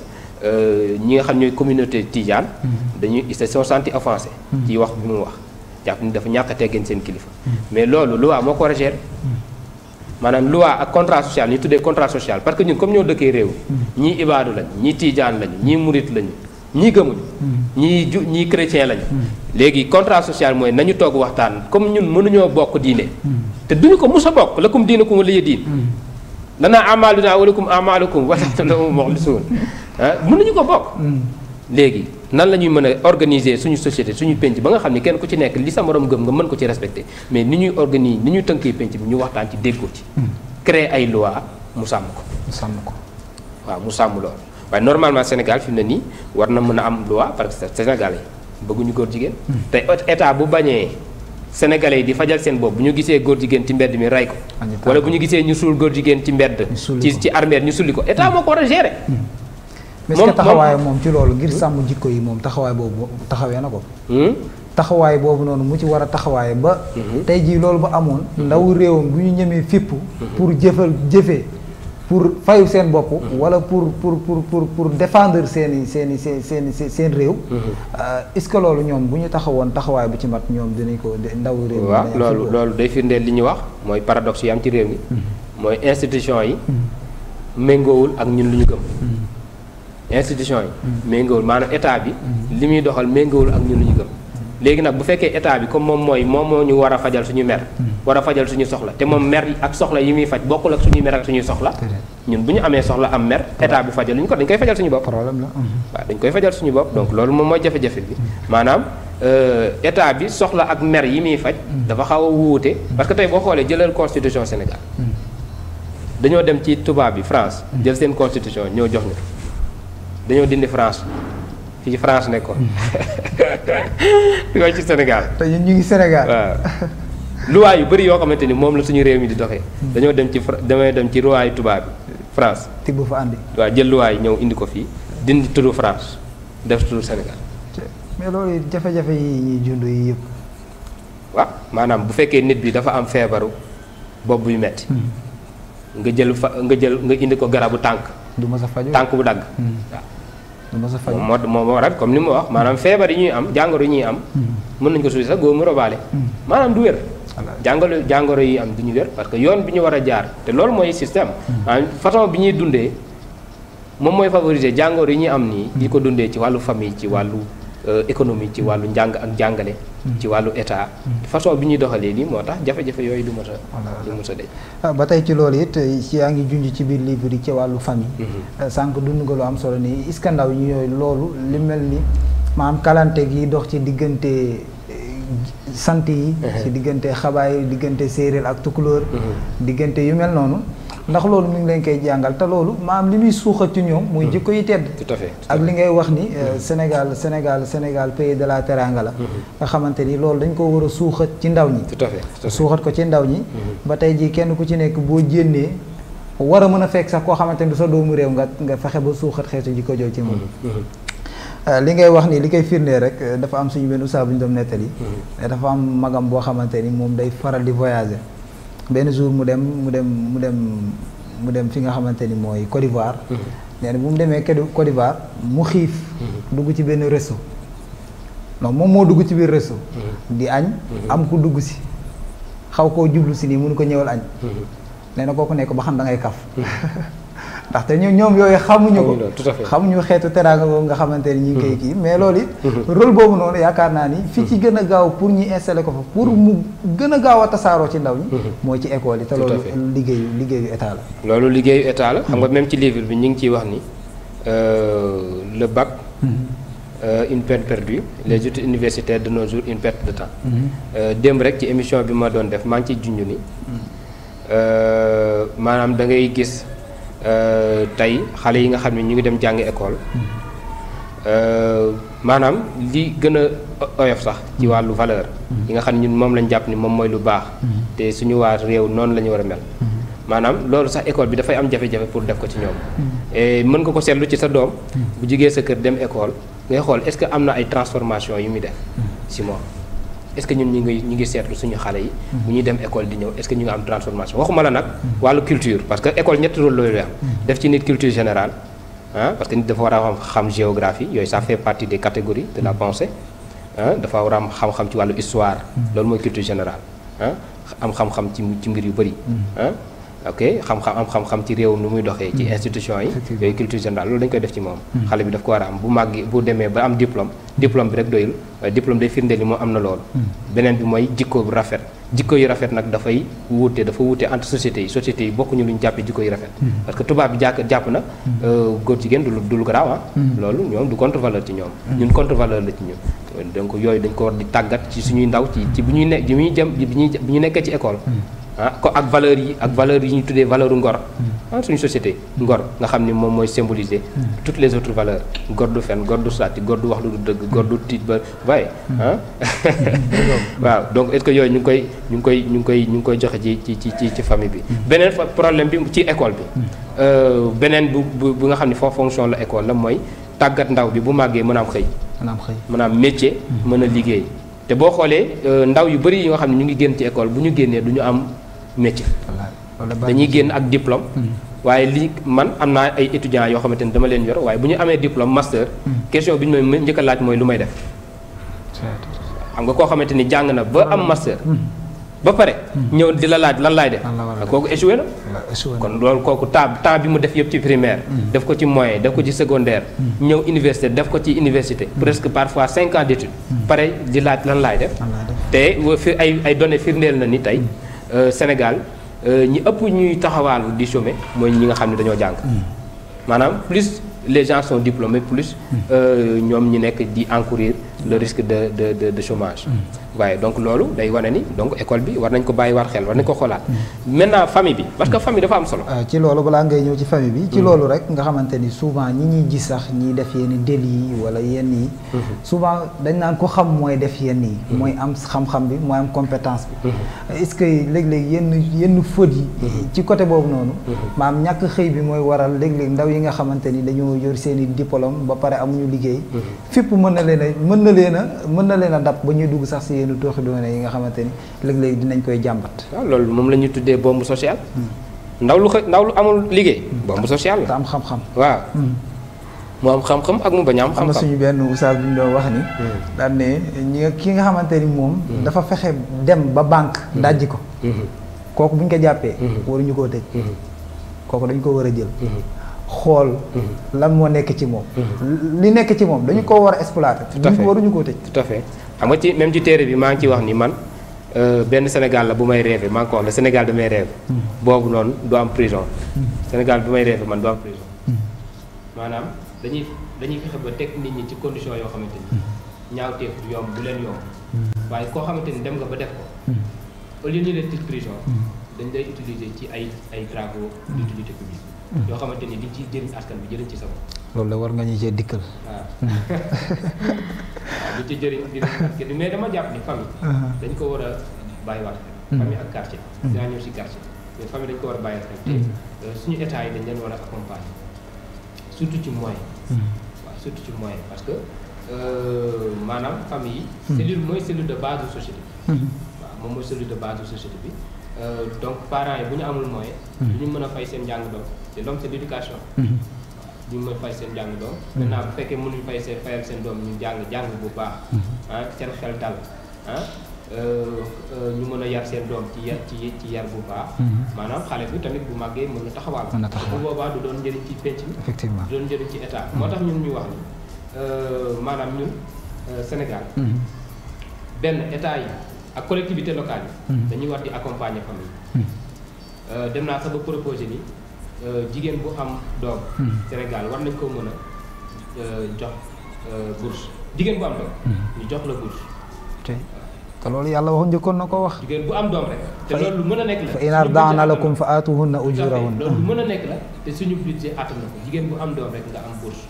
Euh, ñi nga xam communauté de mm-hmm. ils se sont sentis offensés mm-hmm. ci wax mu wax dafa mm-hmm. mais lolu loi a loi ak contrat social ñu tuddé contrat social parce que ñun comme ñoo réew ñi ibadu lañ ñi nous ñi mouride chrétien contrat social nañu waxtaan comme ñun bokk duñu ko bokk lakum wa lakum wa Ah, mën nañu ko bokk. léegi nan la ñuy mën a organiser suñu société suñu penc ba nga xam ne kenn ku ci nekk li sa morom gëm nga mën ko ci respecté mais ni ñuy organiser ni ñuy tënkee penc bi ñu waxtaan ci déggoo ci. Hmm. créer ay loi mu sàmm ko. mu sàmm ko waaw mu sàmm loolu waaye normalement Sénégal fi ne nii war na mën a am loi parce que sénégalais bëgguñu góor jigéen. Hmm. te état bu bañee. sénégalais yi di fajal seen bopp bu ñu gisee góor jigéen ci mbedd mi ray ko wala bu ñu gisee ñu suul góor jigéen ci mbedd ci ci armère ñu sulli ko état hmm. moo ko war a mais est-ce taxawaay moom ci loolu ngir sàmm jikko yi moom taxawaay boobu taxawee na ko. Hmm? taxawaay boobu noonu mu ci war a taxawaay ba. Hmm. tey jii loolu ba amoon. Hmm. ndawu réewam bu ñu ñemee fipp. pour jëfal jëfe pour fayu seen bopp. wala pour pour pour pour pour défendre seen i seen i seen seen seen réew. Euh, est-ce que loolu ñoom bu ñu taxawoon taxawaay bu ci mat ñoom dinañ ko ndawu réew. waaw loolu loolu day firndeel li ñuy wax mooy paradoxe yi ci réew mi. mooy institution yi. méngoowul ak ñun lu ñu gëm. institution yi. méngóol maanaam état bi. li muy doxal méngóol ak ñun lu ñu léegi nag bu fekkee état bi comme moom mooy moom moo ñu war a fajal suñu mer. war a fajal suñu soxla te moom mer ak soxla yi muy faj bokkul ak suñuy mer ak suñuy soxla. ñun bu ñu amee soxla am mer état bi fajal ñu ko dañ koy fajal suñu bopp. problème la waaw dañ koy fajal suñu bopp donc loolu moom mooy jafe-jafe bi mm-hmm. maanaam euh, état bi soxla ak mer yi muy faj. Mm-hmm. dafa xaw a wuute. Mm-hmm. parce que tey boo xoolee jëlal constitution Sénégal. dañoo dem ci tubaab bi France. jël seen constitution ñoo jox ñu dañoo dindi France fii ci France nekkoon di ko ci senegal te ñun ñu waaw. luwaay yu bëri yoo xamante ni moom la suñu réew mi di doxee. dañoo dem ci Fra damay dem ci ruwaayu tubaab bi France. te fa andi. waaw ñëw indi ko fii dindi turu France def turu Sénégal. mais loolu jafe-jafe yi ñuy jund yi yëpp. waaw maanaam bu fekkee nit bi dafa am feebaru bopp buy metti hmm. nga jël fa nga jël nga indi ko garabu tànk. du ma sa faju tànk bu dagg. Hmm. moo moo waral comme ni mu wax maanaam feebar yi ñuy am jàngoro yi ñuy am hmm. mën nañ ko suusi sax góomu robaale hmm. maanaam du wér jàngoro jàngoro yi am du ñu wér parce que yoon bi ñu war a jaar te loolu mooy système hmm. façon bi ñuy dundee moom mooy favoriser jàngoro yi ñuy am nii di ko dundee ci wàllu famille ci wàllu Euh, économie ci wàllu njàng ak jàngale. Hmm. ci wàllu état. Hmm. façon bi ñuy doxalee nii moo tax jafe-jafe yooyu du mos a. de. Ah, ba tey ci loolu it euh, yaa ngi junj ci biir bu di ci wàllu famille. Hmm. Euh, sànq dund nga lu am solo nii est ñu yooyu loolu li mel ni maanaam kalante gi dox ci diggante sant yi. ci diggante xabaay diggante séeréer ak tukulóor. diggante yu mel noonu. ndax loolu mu ngi leen koy jàngal te loolu maam li muy suuxat ci ñoom muy hmm. jikko yi tedd tout à fait ak li ngay wax ni euh, hmm. Sénégal Sénégal Sénégal pays de la teranga la hmm. nga xamante ni loolu dañ koo war a suuxat ci ndaw ñi tout à fait suuxat ko ci ndaw ñi ba tey jii kenn ku ci nekk boo jénnee war a mën a fekk sax koo xamante ni du doomu réew nga nga fexe ba suuxat xeetu jikko jooju ci moom euh, li ngay wax ni li koy firndee rek euh, dafa am suñu benn usaa bu ñu doon nettali dafa am magam boo xamante ni moom day faral di voyager benn jour mu dem mu dem mu dem mu dem fi nga xamante ni mooy codivoir d'Ivoire. Mhm. nee bu mu demee Côte d'Ivoire mu xiif. Mhm. dugg ci benn resto. non moom moo dugg ci biir resto. Mhm. di añ. am ku dugg si. xaw koo jublu si nii mënu ko ñëwal añ. nee na kooku nekk ba xam da ngay kaf. ndaxte ñoom ñoom yooyu xamuñu ko xamuñu xeetu teraanga boobu nga xamante ni ñu ngi koy kii mais loolu it rôle boobu noonu yaakaar naa ni fi ci gën a gaaw pour ñu installer ko fa pour mu gën a gaaw a tasaaroo ci ndaw ñi mooy ci école yi te loolu liggéeyu liggéeyu état la loolu liggéeyu état la xam nga même ci livre bi ñu ngi ciy wax ni le bac Euh, une perte perdue les études universitaires de nos jours une perte de temps démb rek ci émission bi ma doon def maa ngi ciy junj ni maanaam da ngay gis Euh, tey xale yi nga xam ne ñu ngi dem jàngi école euh, maanaam li gën a oyof sax ci wàllu valeur yi nga xam ne ñun moom lañ jàpp ni moom mooy lu baax te suñu waar réew noonu la ñu war a mel maanaam loolu sax école bi dafay am jafe-jafe pour def ko ci ñoom mm-hmm. mën nga ko seetlu ci sa doom mm-hmm. bu jigee sa kër dem école ngay xool est-ce que am na ay transformation yu muy def si mm-hmm. moom est-ce que ñun ñu ngi ñu ngi seetlu suñu xale yi. Hmm. bu ñuy dem école di ñëw est-ce que ñu ngi am transformation waxuma la nag. Hmm. wàllu culture parce que école ñetti rôle loolu am. Hmm. def ci nit culture général ah parce que nit dafa war a xam géographie yooyu ça fait partie des catégories de la pensée ah dafa war a am xam ci wàllu histoire. loolu mooy culture général am ah, xam-xam ci ci mbir yu bëri ah. ok xam-xam ci réew nu muy doxee ci mm. institution yi yooyu culture générale loolu dañ koy def ci moom mm. xale bi daf ko war a am bu màggi bu demee ba am diplôme diplôme bi rek doyul diplôme day firndeel mm. dafay wuute entre sociétés yi sociétés yi bokkuñu lu ñu jàppee jikko yu rafet parce que tubaab bi jàpp na euh, góor jigéen du du lu garaaw ah. loolu ñoom du contre-valeur ci ñoom ñun contre-valeur la ci ñun donc yooyu dañ ko tàggat ci suñuy ndaw ci bi ñuy jëm bi ñuy ah ak valeur yi ak valeur yi ñu tuddee valeur ngor hmm. ah suñu société ngor nga xamni mom moy symboliser hmm. toutes les autres valeurs ngor du fen ngor du sàcc ngor du wax lu du dëgg hmm. ngor du tiit ba way ah waaw donc est-ce que yoy ñu ngi koy ñu ngi koy ñu ngi koy ñu ngi koy joxe ci ci ci ci famille bi beneen problème bi ci école bi euh, beneen bu bu nga xamni fo fonction la école la moy tagat ndaw bi bu màggee mën a am xey mën am métier mën liggéey té bo xolé euh, ndaw yu bari yi nga xamni ne ñu ngi génn ci école bu ñu génnee du am métier. dañuy génn ak diplôme. Hmm. waaye lii man am naa ay étudiants yoo xamante ni dama leen yor waaye bu ñu amee diplôme master. Hmm. question bi ñu may njëkk laaj mooy lu may def. xam nga koo xamante ni jàng na ba am master. Hmm. ba pare. ñëw di la laaj lan laay def. Ah, kooku échoué na. kon loolu kooku temps temps bi mu def yëpp ci primaire. def ko ci moyen def ko ci secondaire. ñëw université def ko ci université. presque parfois cinq ans d'études. pare di laaj lan laay def. ay ay données firndeel ni tey. Euh, Sénégal nous euh, avons ñuy di hmm. plus les gens sont diplômés plus nous hmm. euh, ñi encourir le risque de de de, de chômage. Mm. waaye donc loolu day wane ni donc école bi war nañ ko bàyyi war xel war nañ ko xoolaat. maintenant famille bi parce que famille dafa am solo. Euh, ci loolu balaa ngay ñëw ci famille bi. ci mm. loolu rek nga xamante souvent ñi ñuy gis sax ñiy def yenn délit yi wala yenn yi. Mm-hmm. souvent dañ naan ko xam mooy def yenn yi. Mm-hmm. am xam-xam bi mooy am compétence bi. Mm-hmm. est-ce que léeg-léeg yenn yenn faute yi. ci côté boobu noonu. maam ñàkk xëy bi mooy waral léeg-léeg ndaw yi nga xamante ni yor seen i diplôme ba pare amuñu liggéey. fépp mën na leen a na leen a mën na leen a dab ba ñuy dugg sax si yenn tooxi doone yi nga xamante ni léeg léegi dinañ koy jàmbat. waaw loolu moom lañuy tuddee bombe sociale. Hmm. ndaw lu xa ndaw lu amul liggéey. Hmm. bombe sociale la am xam-xam. waaw hmm. mu am xam-xam ak mu bañ am. xam-xam am na suñu benn oustaz bu ñu doon wax ni. daan ne ñi ki nga xamante ni moom. dafa fexe dem ba banque. dàjj ko. kooku bu ñu ko jàppee. waruñu koo tëj. kooku dañ ko war a jël. xool mm-hmm. lan moo nekk ci moom mm-hmm. li nekk ci moom dañu ko war a exploiter tout waruñu koo tëj tout à fait xam nga ci même ci téere bi maa ngi ci wax ni man euh, benn Sénégal la bu may rêvé maa ngi ko wax le Sénégal bi may rêvé boobu noonu du am prison mm-hmm. Sénégal may rêvé man du am prison maanaam dañuy dañuy fexe ba teg nit ñi ci condition yoo xamante ni ñaawteef du yomb du leen yomb waaye koo xamante ni dem nga ba def ko au lieu leen tëj prison dañ lay utiliser ci ay ay travaux d'utilité publique yoo xamante ni di ci jëriñ askan bi jëriñ ci sa loolu la war nga ñu cee dikkal. waaw waaw di ci jëriñ di mais dama jàpp ni famille. Uh-huh. dañ ko war a bàyyiwaat xel. Mm-hmm. famille ak quartier. Mm-hmm. dinaa ñëw si quartier mais famille dañ ko war a bàyyiwaat xel. Mm-hmm. te euh, suñu état yi dañ leen war a accompagner surtout ci moyen. surtout ci moyen parce que euh, maanaam famille yi. cellule mooy cellule de base de société. waaw moom mooy cellule de base de bi. Euh, donc parents yi bu ñu amul moyen. Hmm. du ñu mën a fay seen njàng doom te doom c'est l'éducation. Hmm. du ñu mën a fay seen njàng doom. Hmm. maintenant bu fekkee mënuñu fay seen fayal seen doom ñu jàng jàng bu baax. ah seen xel tal ah euh, euh, ñu mën a yar seen doom ci yar ci ci yar bu baax. maanaam xale bi tamit bu màggee mën na taxawaal. mën na taxawaal bu boobaa du doon njëriñ ci penc mi. effectivement du doon njëriñ ci état. moo tax ñun ñu wax ni maanaam ñun Sénégal. benn état yi. ak collectivité locale yi. Hmm. dañuy war di accompagner famille. Hmm. Euh, dem naa sax ba proposé nii euh, jigéen bu am doom. Hmm. Sénégal war nañ ko mën a euh, jox bourse jigéen bu am doom. ñu jox la bourse. te loolu yàlla waxoon njëkkoon na ko wax. jigéen bu am doom rek. te loolu lu mën a nekk la. fa in ardaana lakum fa na aatuhunna ujurahunna. loolu lu mën a nekk la te suñu budget àttan na ko jigéen bu am doom rek nga am bourse.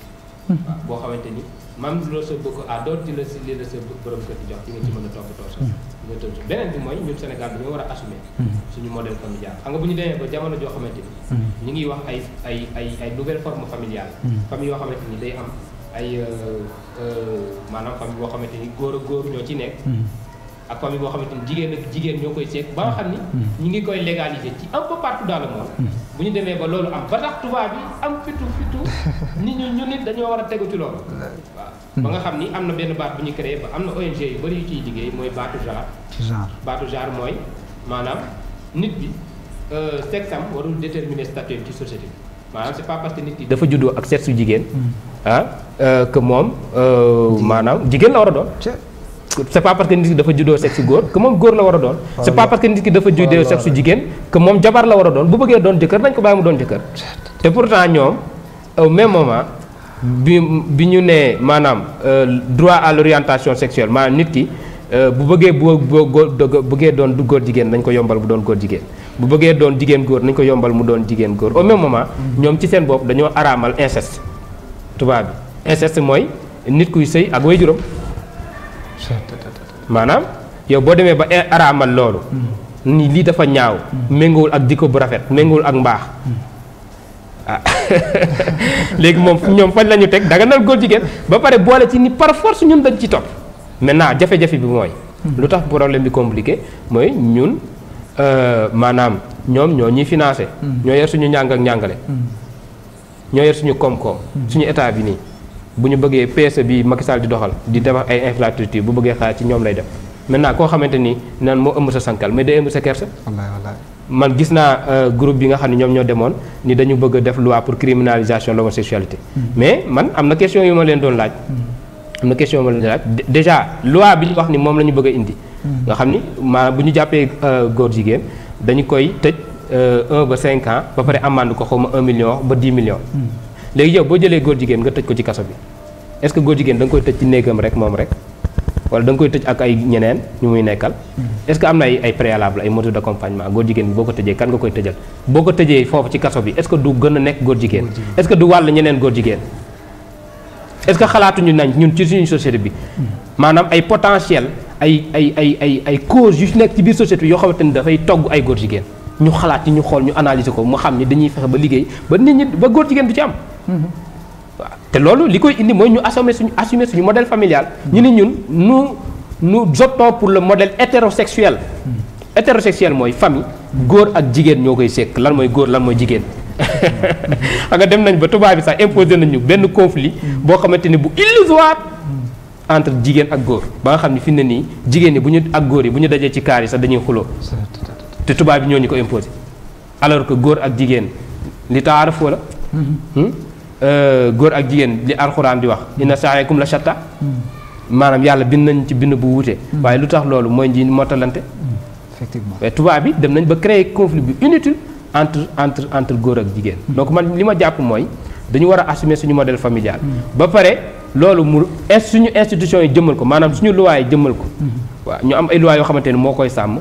boo xamante ni maam loo sa bëgg à doot di la si li la sa borom kër di jox ci nga ci mën a toppatoo sax hmm. nga tënk beneen bi mooy ñun Sénégal dañoo war a assumer hmm. suñu modèle familial xam nga bu ñu demee ba jamono joo xamante ni hmm. ñu ngi wax ay ay ay ay nouvelle forme familiale famille yoo xamante ni day am ay euh, euh, maanaam famille boo xamante ni góor a góor ñoo ci nekk ak famille boo xamante ni jigéen ak jigéen ñoo koy seeg ba nga xam ni ñu ngi koy légaliser ci un peu partout dans le monde bu ñu demee ba loolu am ba tax tubaab bi am fitu fi nit ñu ñu nit dañoo war a tegu ci loolu hmm. ba nga xam ni am na benn baat bu ñu créé ba am na ONG yu bëri yu ciy liggéey mooy baatu genre genre baatu genre mooy maanaam nit bi euh, sexe am warul déterminer statut ci société bi maanaam c'est pas parce que nit ki dafa juddoo ak sexe jigéen hmm. ah euh, que moom euh, maanaam jigéen la war a doon c'est pas parce que nit ki dafa juddoo sexe góor que moom góor la war a doon c'est pas parce que nit ki dafa juddoo sexe jigéen que moom jabar la war a doon bu bëggee doon jëkkër nañ ko bàyyi mu doon jëkkër te pourtant ñoom au même moment bi bi ñu euh, droit à l'orientation sexuelle maanaam nit ki euh, bu bëggé bu bëggé doon du góor jigen nañ ko yombal bu doon góor jigen bu bëggé doon jigen góor nañ ko yombal mu doon jigen góor au même moment mm-hmm. ñom ci seen bop dañoo aramal inceste tuba bi inceste moy nit kuy sey ak waajuram manam yow bo démé ba aramal lolu mm-hmm. ni li dafa ñaaw mengul mm-hmm. ak diko bu rafet mengul ak mbax ah léegi moom ñoom fañ la ñu teg daganal góor jigéen ba boole ci ni par force ñun dañ ci topp maintenant jafe-jafe bi mooy hmm. lu tax problème bi compliqué mooy ñun euh, manam ñoom ñoo ñuy financé hmm. ñoo yor suñu njàng ak njàngale hmm. ñoo yor suñu koom-koom suñu état bi nii PSE bi Macky Sall di doxal di defar ay infrastructure bu bëggee xaar ci ñoom lay def maintenant koo nan mo ëmb sa sankal mais day ëmb sa kersa man gis naa euh, groupe bi nga xam ne ñoom ñoo demoon ni dañu bëgg def loi pour criminalisation l'homosexualité mm. mais man am na question yu ma leen doon laaj mm. am na question yu ma leen doon laaj déjà loi bi ñu wax ni moom la ñu bëgg a indi mm. nga xam ni maa bu ñu jàppee euh, góor jigéen dañu koy tëj euh, un ba cinq ans ba pare amande ko xaw ma un million ba dix millions léegi yow boo jëlee góor jigéen nga tëj ko ci kaso bi est-ce que góor jigéen da nga koy tëj ci néegam rek moom rek wala da nga koy tëj ak ay ñeneen ñu muy nekkal mm-hmm. est-ce que am na ay ay préalable ay motifs d'accompagnement góor jigéen bi boo ko tëjee kan nga koy tëjal boo ko tëjee foofu ci kaso bi est-ce que du gën a nekk góor jigéen est-ce que du wàll ñeneen góor jigéen ce que xalaatuñu nañ ñun ci suñu société bi mm-hmm. maanaam ay potentiel ay ay ay ay ay cause yu nekk ci biir société bi yoo xamante ni dafay togg ay góor jigéen ñu xalaat yi ñu xool ñu analyser ko mu xam ni dañuy fexe ba liggéey ba nit ñi ba góor jigéen du ci am mm-hmm. te loolu li koy indi mooy ñu assumer suñu assumer suñu modèle familial. ñu ni ñun nous nous optons pour le modèle hétérosexuel. hétérosexuel mooy famille góor ak jigéen ñoo koy sekk lan mooy góor lan mooy jigéen. xam nga dem nañ ba tubaab bi sax imposé nañu benn conflit boo xamante ni bu illusoire entre jigéen ak góor ba nga xam ni fi ni nii jigéen ñi bu ñu ak góor yi bu ñu dajee ci kaar sax dañuy xuloo te tubaab bi ñoo ñu ko imposé alors que góor ak jigéen li taarafoo la mm-hmm. hmm? Euh, góor ak jigéen li alxuraan di wax mm. inna sa'yakum la shatta mm. maanaam yàlla bind nañ ci bind bu wute mm. waaye lu tax loolu mooy nji mottalante tubaab yi dem nañ ba créer conflit bu inutile entre entre entre góor ak jigéen donc man li ma jàpp mooy dañu war a assumer suñu modèle familial ba pare loolu mu suñu institution yi jëmmal ko maanaam suñu loi yi jëmmal ko waa ñu am ay loi yoo xamante ne moo koy sàmm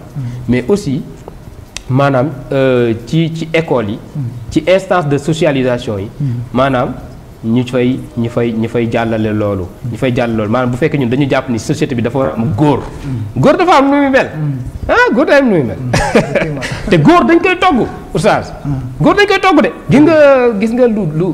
mais aussi maanaam euh, ci ci école yi hmm. ci instance de socialisation yi hmm. maanaam ñu fay ñu fay ñu fay jàllale loolu hmm. ñu fay jàllale loolu maanaam bu fekkee ñun dañu jàpp ni société bi dafa war am góor góor dafa am nu muy mel ah, góor dafa am nu muy te góor dañ koy togg oustaz góor dañ koy togg de gis nga gis nga lu lu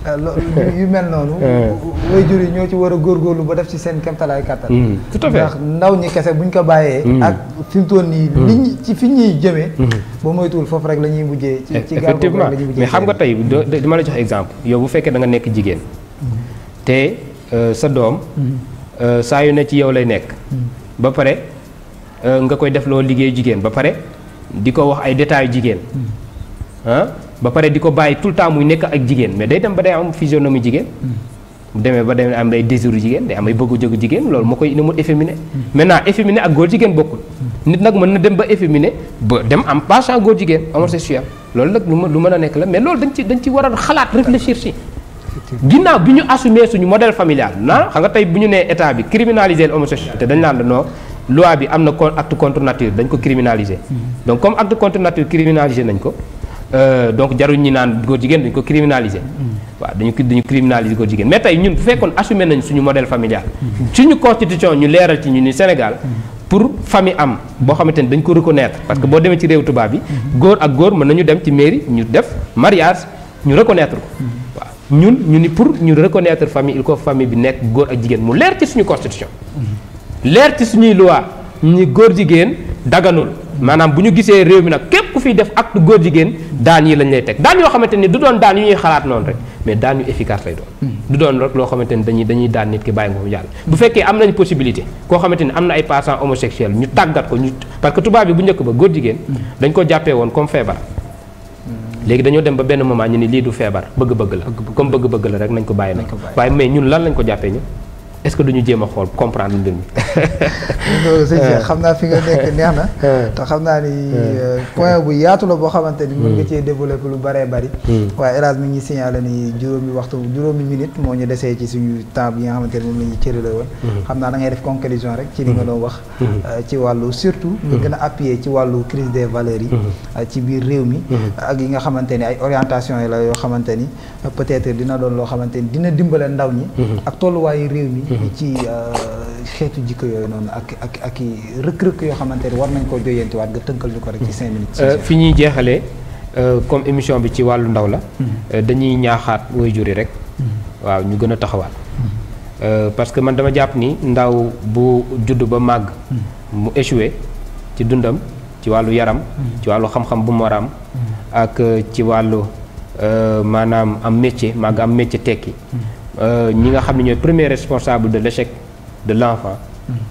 Euh, yu mel noonu. waajur yi ñoo ci war a góor góorlu ba def ci seen kéemtalaay kàttan. Mm. tout à ndax ndaw ñi kese buñ ko bàyyee. Mm. ak fi mu toll nii. Mm. liñ ci fi ñuy jëmee. ba moytuwul foofu rek lañuy ñuy mujjee. ci ci gaal mais xam nga tey dama la jox exemple yow bu fekkee danga nga nekk jigéen. te euh, sa doom. Euh, saa yu ne ci yow lay nekk. ba pare nga koy def loo liggéeyu jigéen ba pare di ko wax ay détails jigéen ah? ba pare di ko bàyyi tout le temps muy nekk ak jigéen mais day dem ba day am physionomie jigéen. Hmm. bu demee ba dem am ay désiru jigéen day am ay bëggu jógu jigéen loolu moo koy indi mu efféminé. Hmm. maintenant efféminé ak góor jigéen bokkul. Hmm. nit nag mën na dem ba efféminé ba dem am penchant góor jigéen homosexuel loolu nag lu ma lu mën a nekk la mais loolu dañ ci dañ ci war a xalaat réfléchir si. ginnaaw bi ñu assumé suñu model familial na xam nga tey bu ñu nee état bi criminaliser l'homosexualité dañ naan non loi bi am na acte contre nature dañ ko criminaliser. donc comme acte contre nature ko. Euh, donc jaruñ ñi naan goor jigéen dañ ko criminaliser mm. wa dañu dañu criminaliser goor jigéen mais tay ñun bu fekkoon assumer nañ suñu modèle familial mm. suñu constitution ñu leeral ci ñu ni Sénégal mm. pour famille am bo xamante ni dañ ko reconnaître parce que bon demee ci réew tuba bi goor ak goor mën nañu dem ci mairie ñu def mariage ñu reconnaître ko waaw ñun ñu ni pour ñu reconnaître famille il faut famille bi nek goor ak jigéen mu leer ci suñu constitution leer ci suñu loi ñi goor jigéen daganul maanaam bu ñu gisee réew mi nag képp ku fiy def ak góor jigéen daan yi lañ lay teg daan yoo xamante ni du doon daan yu ñuy xalaat noonu rek mais daan yu efficace lay doon hmm. du doon rek loo xamante ni dañuy dañuy daan nit ki bàyyi nga mu jàll bu fekkee am nañ possibilité koo xamante ni am na ay patients homosexuels ñu tàggat ko ñu parce que tubaab bi bu njëkk ba góor jigéen hmm. dañ ko jàppee woon comme feebar hmm. léegi dañoo dem ba benn moment ñu ni lii du feebar bëgg-bëgg la comme bëgg la rek nañ ko bàyyi nañ waaye mais ñun lan lañ ko jàppee est-ce que duñu ñu a xool comprendre mbir mi. loolu xam naa fi nga nekk neex na. te xam naa ni euh, point bu yaatu la boo xamante ni. mën nga mm. cee développer lu bëree bëri. Mm. waaye hélas mi ngi signalé ni juróomi waxtu juróomi minute moo ñu desee ci suñu temps yi nga xamante ni moom la ñu cërale woon. Mm-hmm. xam naa da ngay def conclusion rek ci li nga mm-hmm. doon wax. Mm-hmm. Euh, ci wàllu surtout. ñu gën a appuyer ci wàllu crise des valeurs yi. Euh, ci biir réew mi. ak yi nga xamante ni ay orientation yi la yoo xamante ni peut-être dina doon loo xamante ni dina dimbale ndaw ñi. ci euh, xeetu jikko yooyu noonu ak ak ak i rëkk yoo xamante ne war nañ koo joyantiwaat nga tënkal ñu ko rek ci cinq minutes. Euh, fi ñuy jeexalee euh, comme émission bi ci wàllu ndaw la. Mhm. dañuy ñaaxaat waajur yi rek. Mhm. waaw ñu gën a taxawaat. Mhm. parce que man dama jàpp ni ndaw bu juddu ba màgg. mu échoué ci dundam ci wàllu yaram. ci wàllu xam-xam bu mu war ak ci wàllu maanaam am métier màgg am métier tekki. Euh, ñi nga xam ne ñooy premier responsable de l'échec de l'enfant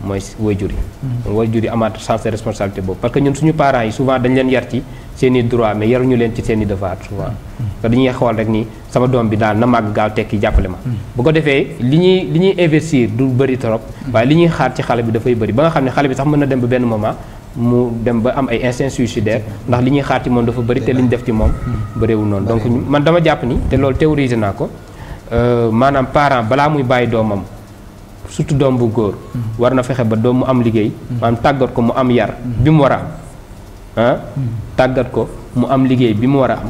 mooy waajur yi donc mm. waajur yi amaat sens de responsabilité boobu parce que ñun suñu parents yi souvent dañ leen yar ci seen i droit mais yaruñu leen ci seen i devoir souvent te mm. dañuy xool rek nii sama doom bi daal na màgg gaaw tekki jàppale ma mm. bu ko defee li ñuy li ñuy investir du bëri trop waaye li ñuy xaar ci xale bi dafay bëri ba nga xam ne xale bi sax mën na dem ba benn moment mu dem ba am ay instincts suicidaires ndax li ñuy xaar ci dafa bëri te li def ci moom bëriwul noonu donc man dama jàpp ni loolu théorisé naa ko Euh, maanaam parent balaa muy bàyyi doomam surtout doom bu góor. Mm-hmm. war na fexe ba doom mu am liggéey. Mm-hmm. maanaam tàggat ko mu am yar mm-hmm. bi mu war a am ah. tàggat ko mu am liggéey bi mu war a am.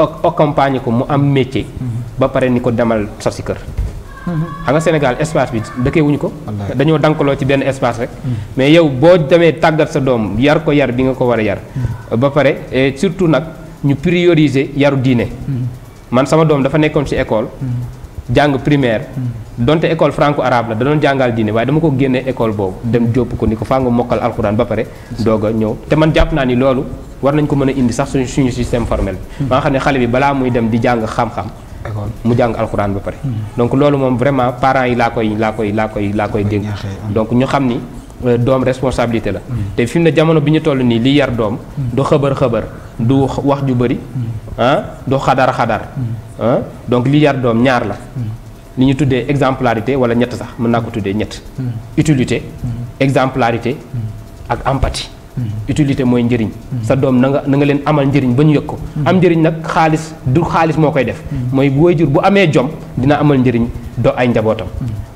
ok accompagner ko mu am métier. ba pare ni ko demal sa si kër. nga Sénégal espace bi dëkkee wuñu ko. dañoo dankaloo ci benn espace rek. mais yow boo demee tàggat sa doom yar ko yar bi nga ko war a yar. ba pare surtout nag ñu prioriser yaru diine. man sama doom dafa nekkoon ci école. Mm. jàng primaire. Mm. donte école franco arabe la da doon jàngal diine waaye dama ko génne école boobu mm. dem jópp ko ni ko faa nga mokkal alxuraan ba pare. doog a ñëw te man jàpp naa ni loolu war nañ ko mën a indi sax suñu suñu système formel bi. ba xam ne xale bi balaa muy dem di jàng xam-xam. mu jàng alxuraan ba pare. donc loolu moom vraiment parent yi laa koy laa koy laa koy laa koy dégg. donc ñu xam ni. Euh, doom responsabilité la mm. te fi mu ne jamono bi ñu toll nii li yar doom mm. du xëbar xëbar du wax ju bëri mm. ah du xadar xadar ah, donc li yar doom ñaar la li ñu tuddee exemplarité wala ñett sax mën naa ko tuddee ñett utilité exemplarité ak empathie utilité mooy njëriñ sa doom nanga nanga leen amal njëriñ ba ñu yëg ko am njëriñ nag xaalis du xaalis moo koy def mooy jur bu amee jom dina amal njëriñ do ay njabootam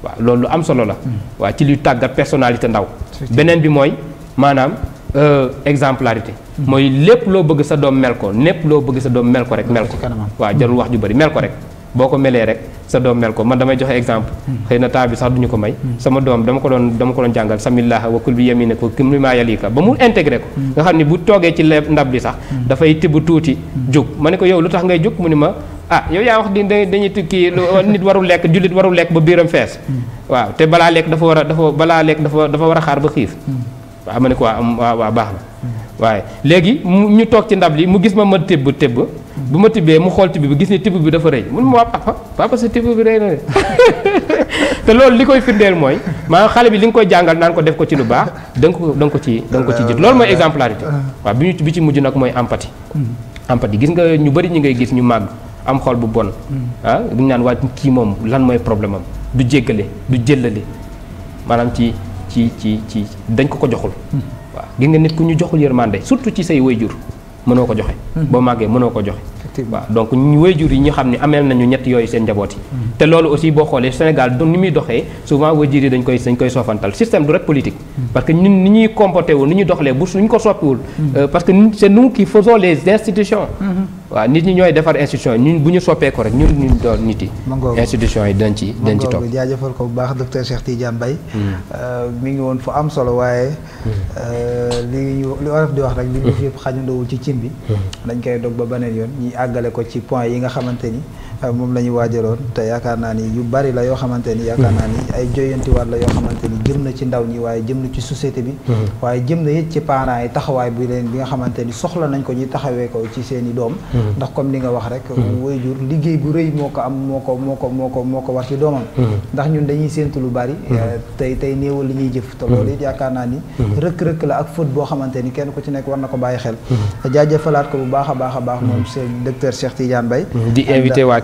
waaw loolu lu am solo la waa ci luy tàggat personnalité ndaw beneen bi mooy maanaam euh, exemplarité mooy lépp loo bëgg sa doom mel ko lépp loo bëgg sa doom mel ko rek mel ko waa jarul wax ju bari mel ko rek boo ko melee rek sa doom mel ko man damay joxe exemple xëy na temps bi sax duñu ko may hmm. sama doom dama ko doon dama ko doon jàngal samillaha wa kul bi yaminika wa kul mimma yalika ba mu intégré ko hmm. nga xam ne bu toogee ci leeb ndab li sax hmm. dafay tibb tuuti jug ma ne ko yow lu tax ngay jug mu ni ma ah yow yaa wax di dañuy tukki nit warul lekk jullit warul lekk ba biiram fees waaw te balaa lekk dafa war a dafa balaa lekk dafa dafa war a xaar ba xiif waaw ma ne ko waa am waa waa baax na waaye léegi ñu toog ci ndab li mu gis ma ma tëbb tëbb bu ma tibbee mu xool tibb bi gis ni tibb bi dafa rëy mun ma waa papa papa sa tibb bi rëy na de te loolu li koy firndeel mooy maa xale bi li nga koy jàngal naan ko def ko ci lu baax da ko da ko ci da ko ci jit loolu mooy exemplarité waaw bi ñu bi ci mujj nag mooy empathie empathie gis nga ñu bëri ñi ngay gis ñu màgg am xool bu bon ah bu naan waa kii moom lan mooy problème am du jéggale du jëllale maanaam ci ci ci ci dañ ko ko joxul hmm. waa gis nga nit ku ñu joxul yërmande surtout ci say wayjur mënoo ko joxe mhm. boo màggee mënoo ko donc ñu waajur yi ñu xam ne nañu ñet yoy seen jaboti té mhm. te loolu aussi bo xolé Sénégal do ni mi doxé souvent waajur yi dañ koy dañ koy sofantal système du rek politique mhm. parce que ñun ni ñuy comporté wu ni ñuy doxalee bu suñ ko soppiwul euh, parce que c'est nous qui faisons les institutions waaw nit ñi ñooy defar institution yi bu ñu soppee ko rek ñun ñu doon nit yi. institution yi dañ ci dañ ci topp jaajëfal ko bu baax docteur Cheikh Tidiane bay hmm. euh, mi ngi woon fu am solo waaye. Hmm. Euh, li ñu li war di wax rek. li ñu yëpp xajandoowul ci cin bi. Hmm. dañ koy dog ba beneen yoon ñuy àggale ko ci point yi nga xamante ni. moom la ñu waajaloon te yaakaar naa ni yu bari la yoo xamante ni yaakaar naa ni ay joyantiwaat la yoo xamante ni jëm na ci ndaw ñi waaye jëm na ci société bi mm-hmm. waaye jëm na it ci parents yi taxawaay bi nga xamante soxla nañ ko ñuy taxawee ko ci seen i doom mm-hmm. ndax comme li nga wax rek mm-hmm. waajur liggéey bu rëy moo ko am moo ko moo ko moo ko moo ko war ci doomam ndax ñun dañuy séentu lu bari eh, tey tey néewal li ñuy jëf te loolu it yaakaar naa ni rëkk-rëkk la ak fóot boo xamante ku ci nekk na ko bàyyi xel jaajëfalaat a a baax moom seen docteur Cheikh Tidiane Bay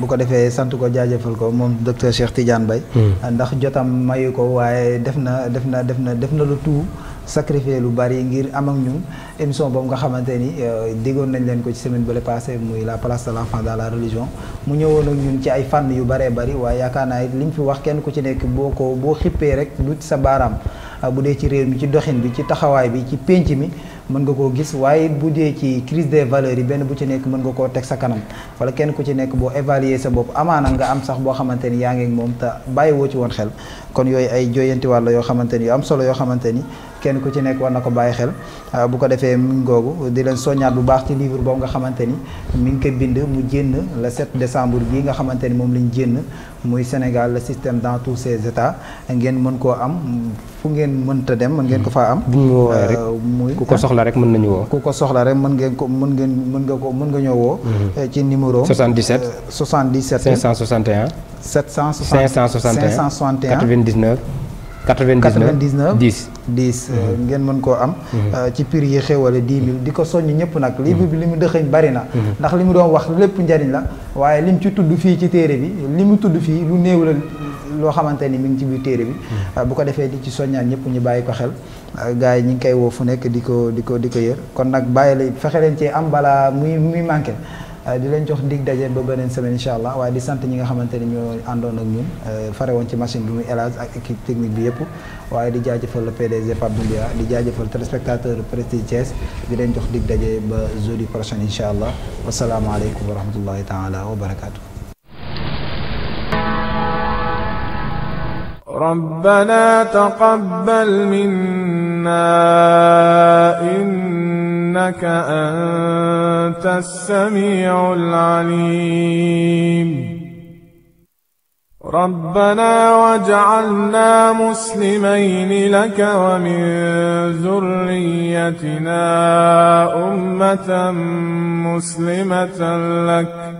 bu ko defee sant ko jaajëfal ko moom docteur Cheikh Tidiane Bay hmm. ndax jotam mayu ko waaye def na def na def na def na lu tout sacrifié lu bari ngir am ak ñun émission boobu nga xamante ni euh, déggoon nañ leen ko ci semaine bële passé muy la place de l' la religion mu ñëwoon ak ñun ci ay fànn yu baree bari waaye yaakaar naa li ñu fi wax kenn ku ci nekk boo ko boo xippee rek lu sa baaraam bu dee ci réew mi ci doxin bi ci taxawaay bi ci pénc mi mën nga koo gis waaye bu dee ci crise des valeurs yi benn bu ci nekk mën nga koo teg sa kanam wala kenn ku ci nekk boo évaluer sa bopp amaana nga am sax boo xamante ni yaa ngi moom te bàyyi woo ci woon xel kon yooyu ay joyantiwaat la yoo xamante nii yu am solo yoo xamante ni kenn ku ci nekk war na ko bàyyi xel ah, bu ko defee mu ngoogu di leen soññaat bu baax ci livre boobu nga xamante ni mi ngi ko bind mu jénn le 7 décembre bii nga xamante ni moom lañ jénn muy Sénégal le système dans tous ses états ngeen mën koo am fu ngeen mënta dem ngeen ko faa am. Hmm. bu ñu woowee ah, rek muy ku ko soxla rek mën nañu wo ku ko soxla rek mën ngeen ko mën ngeen mën nga ko mën nga ñoo woo. Hmm. Eh, ci numéro. 77 77. 561. 761 561 99. 99 10 10 ngeen mën koo am mhm. euh, ci prix yi xéwale 10 di ko soññ ñëpp nag mhm. livre bi li mu dëxëñ bari na mhm. ndax li mu doon wax lépp njariñ la waaye li lim ci tudd fii ci téere bi li mu tudd fii lu néew la loo xamante ni mi ngi ci biir téere bi euh, bu ko defee di ci soññaan ñëpp ñu bàyyi ko xel euh, gars yi ñu ngi koy woo fu nekk di ko di ko di ko yër kon nag bàyyi la fexe leen ci am balaa muy muy manqué Eh, di leen jox dig daje ba semaine di sant ñi nga xamante ñoo àndoon ak ñun eh, fare woon ci machine bi eh, muy élage ak équipe technique bi yëpp waaye di jaajëfal le PDG Pape di téléspectateur Prestige di jox dig ba jeudi prochain wa rahmatullahi taala wa barakatuh ربنا تقبل منا إنك أنت أنت السميع العليم ربنا واجعلنا مسلمين لك ومن ذريتنا أمة مسلمة لك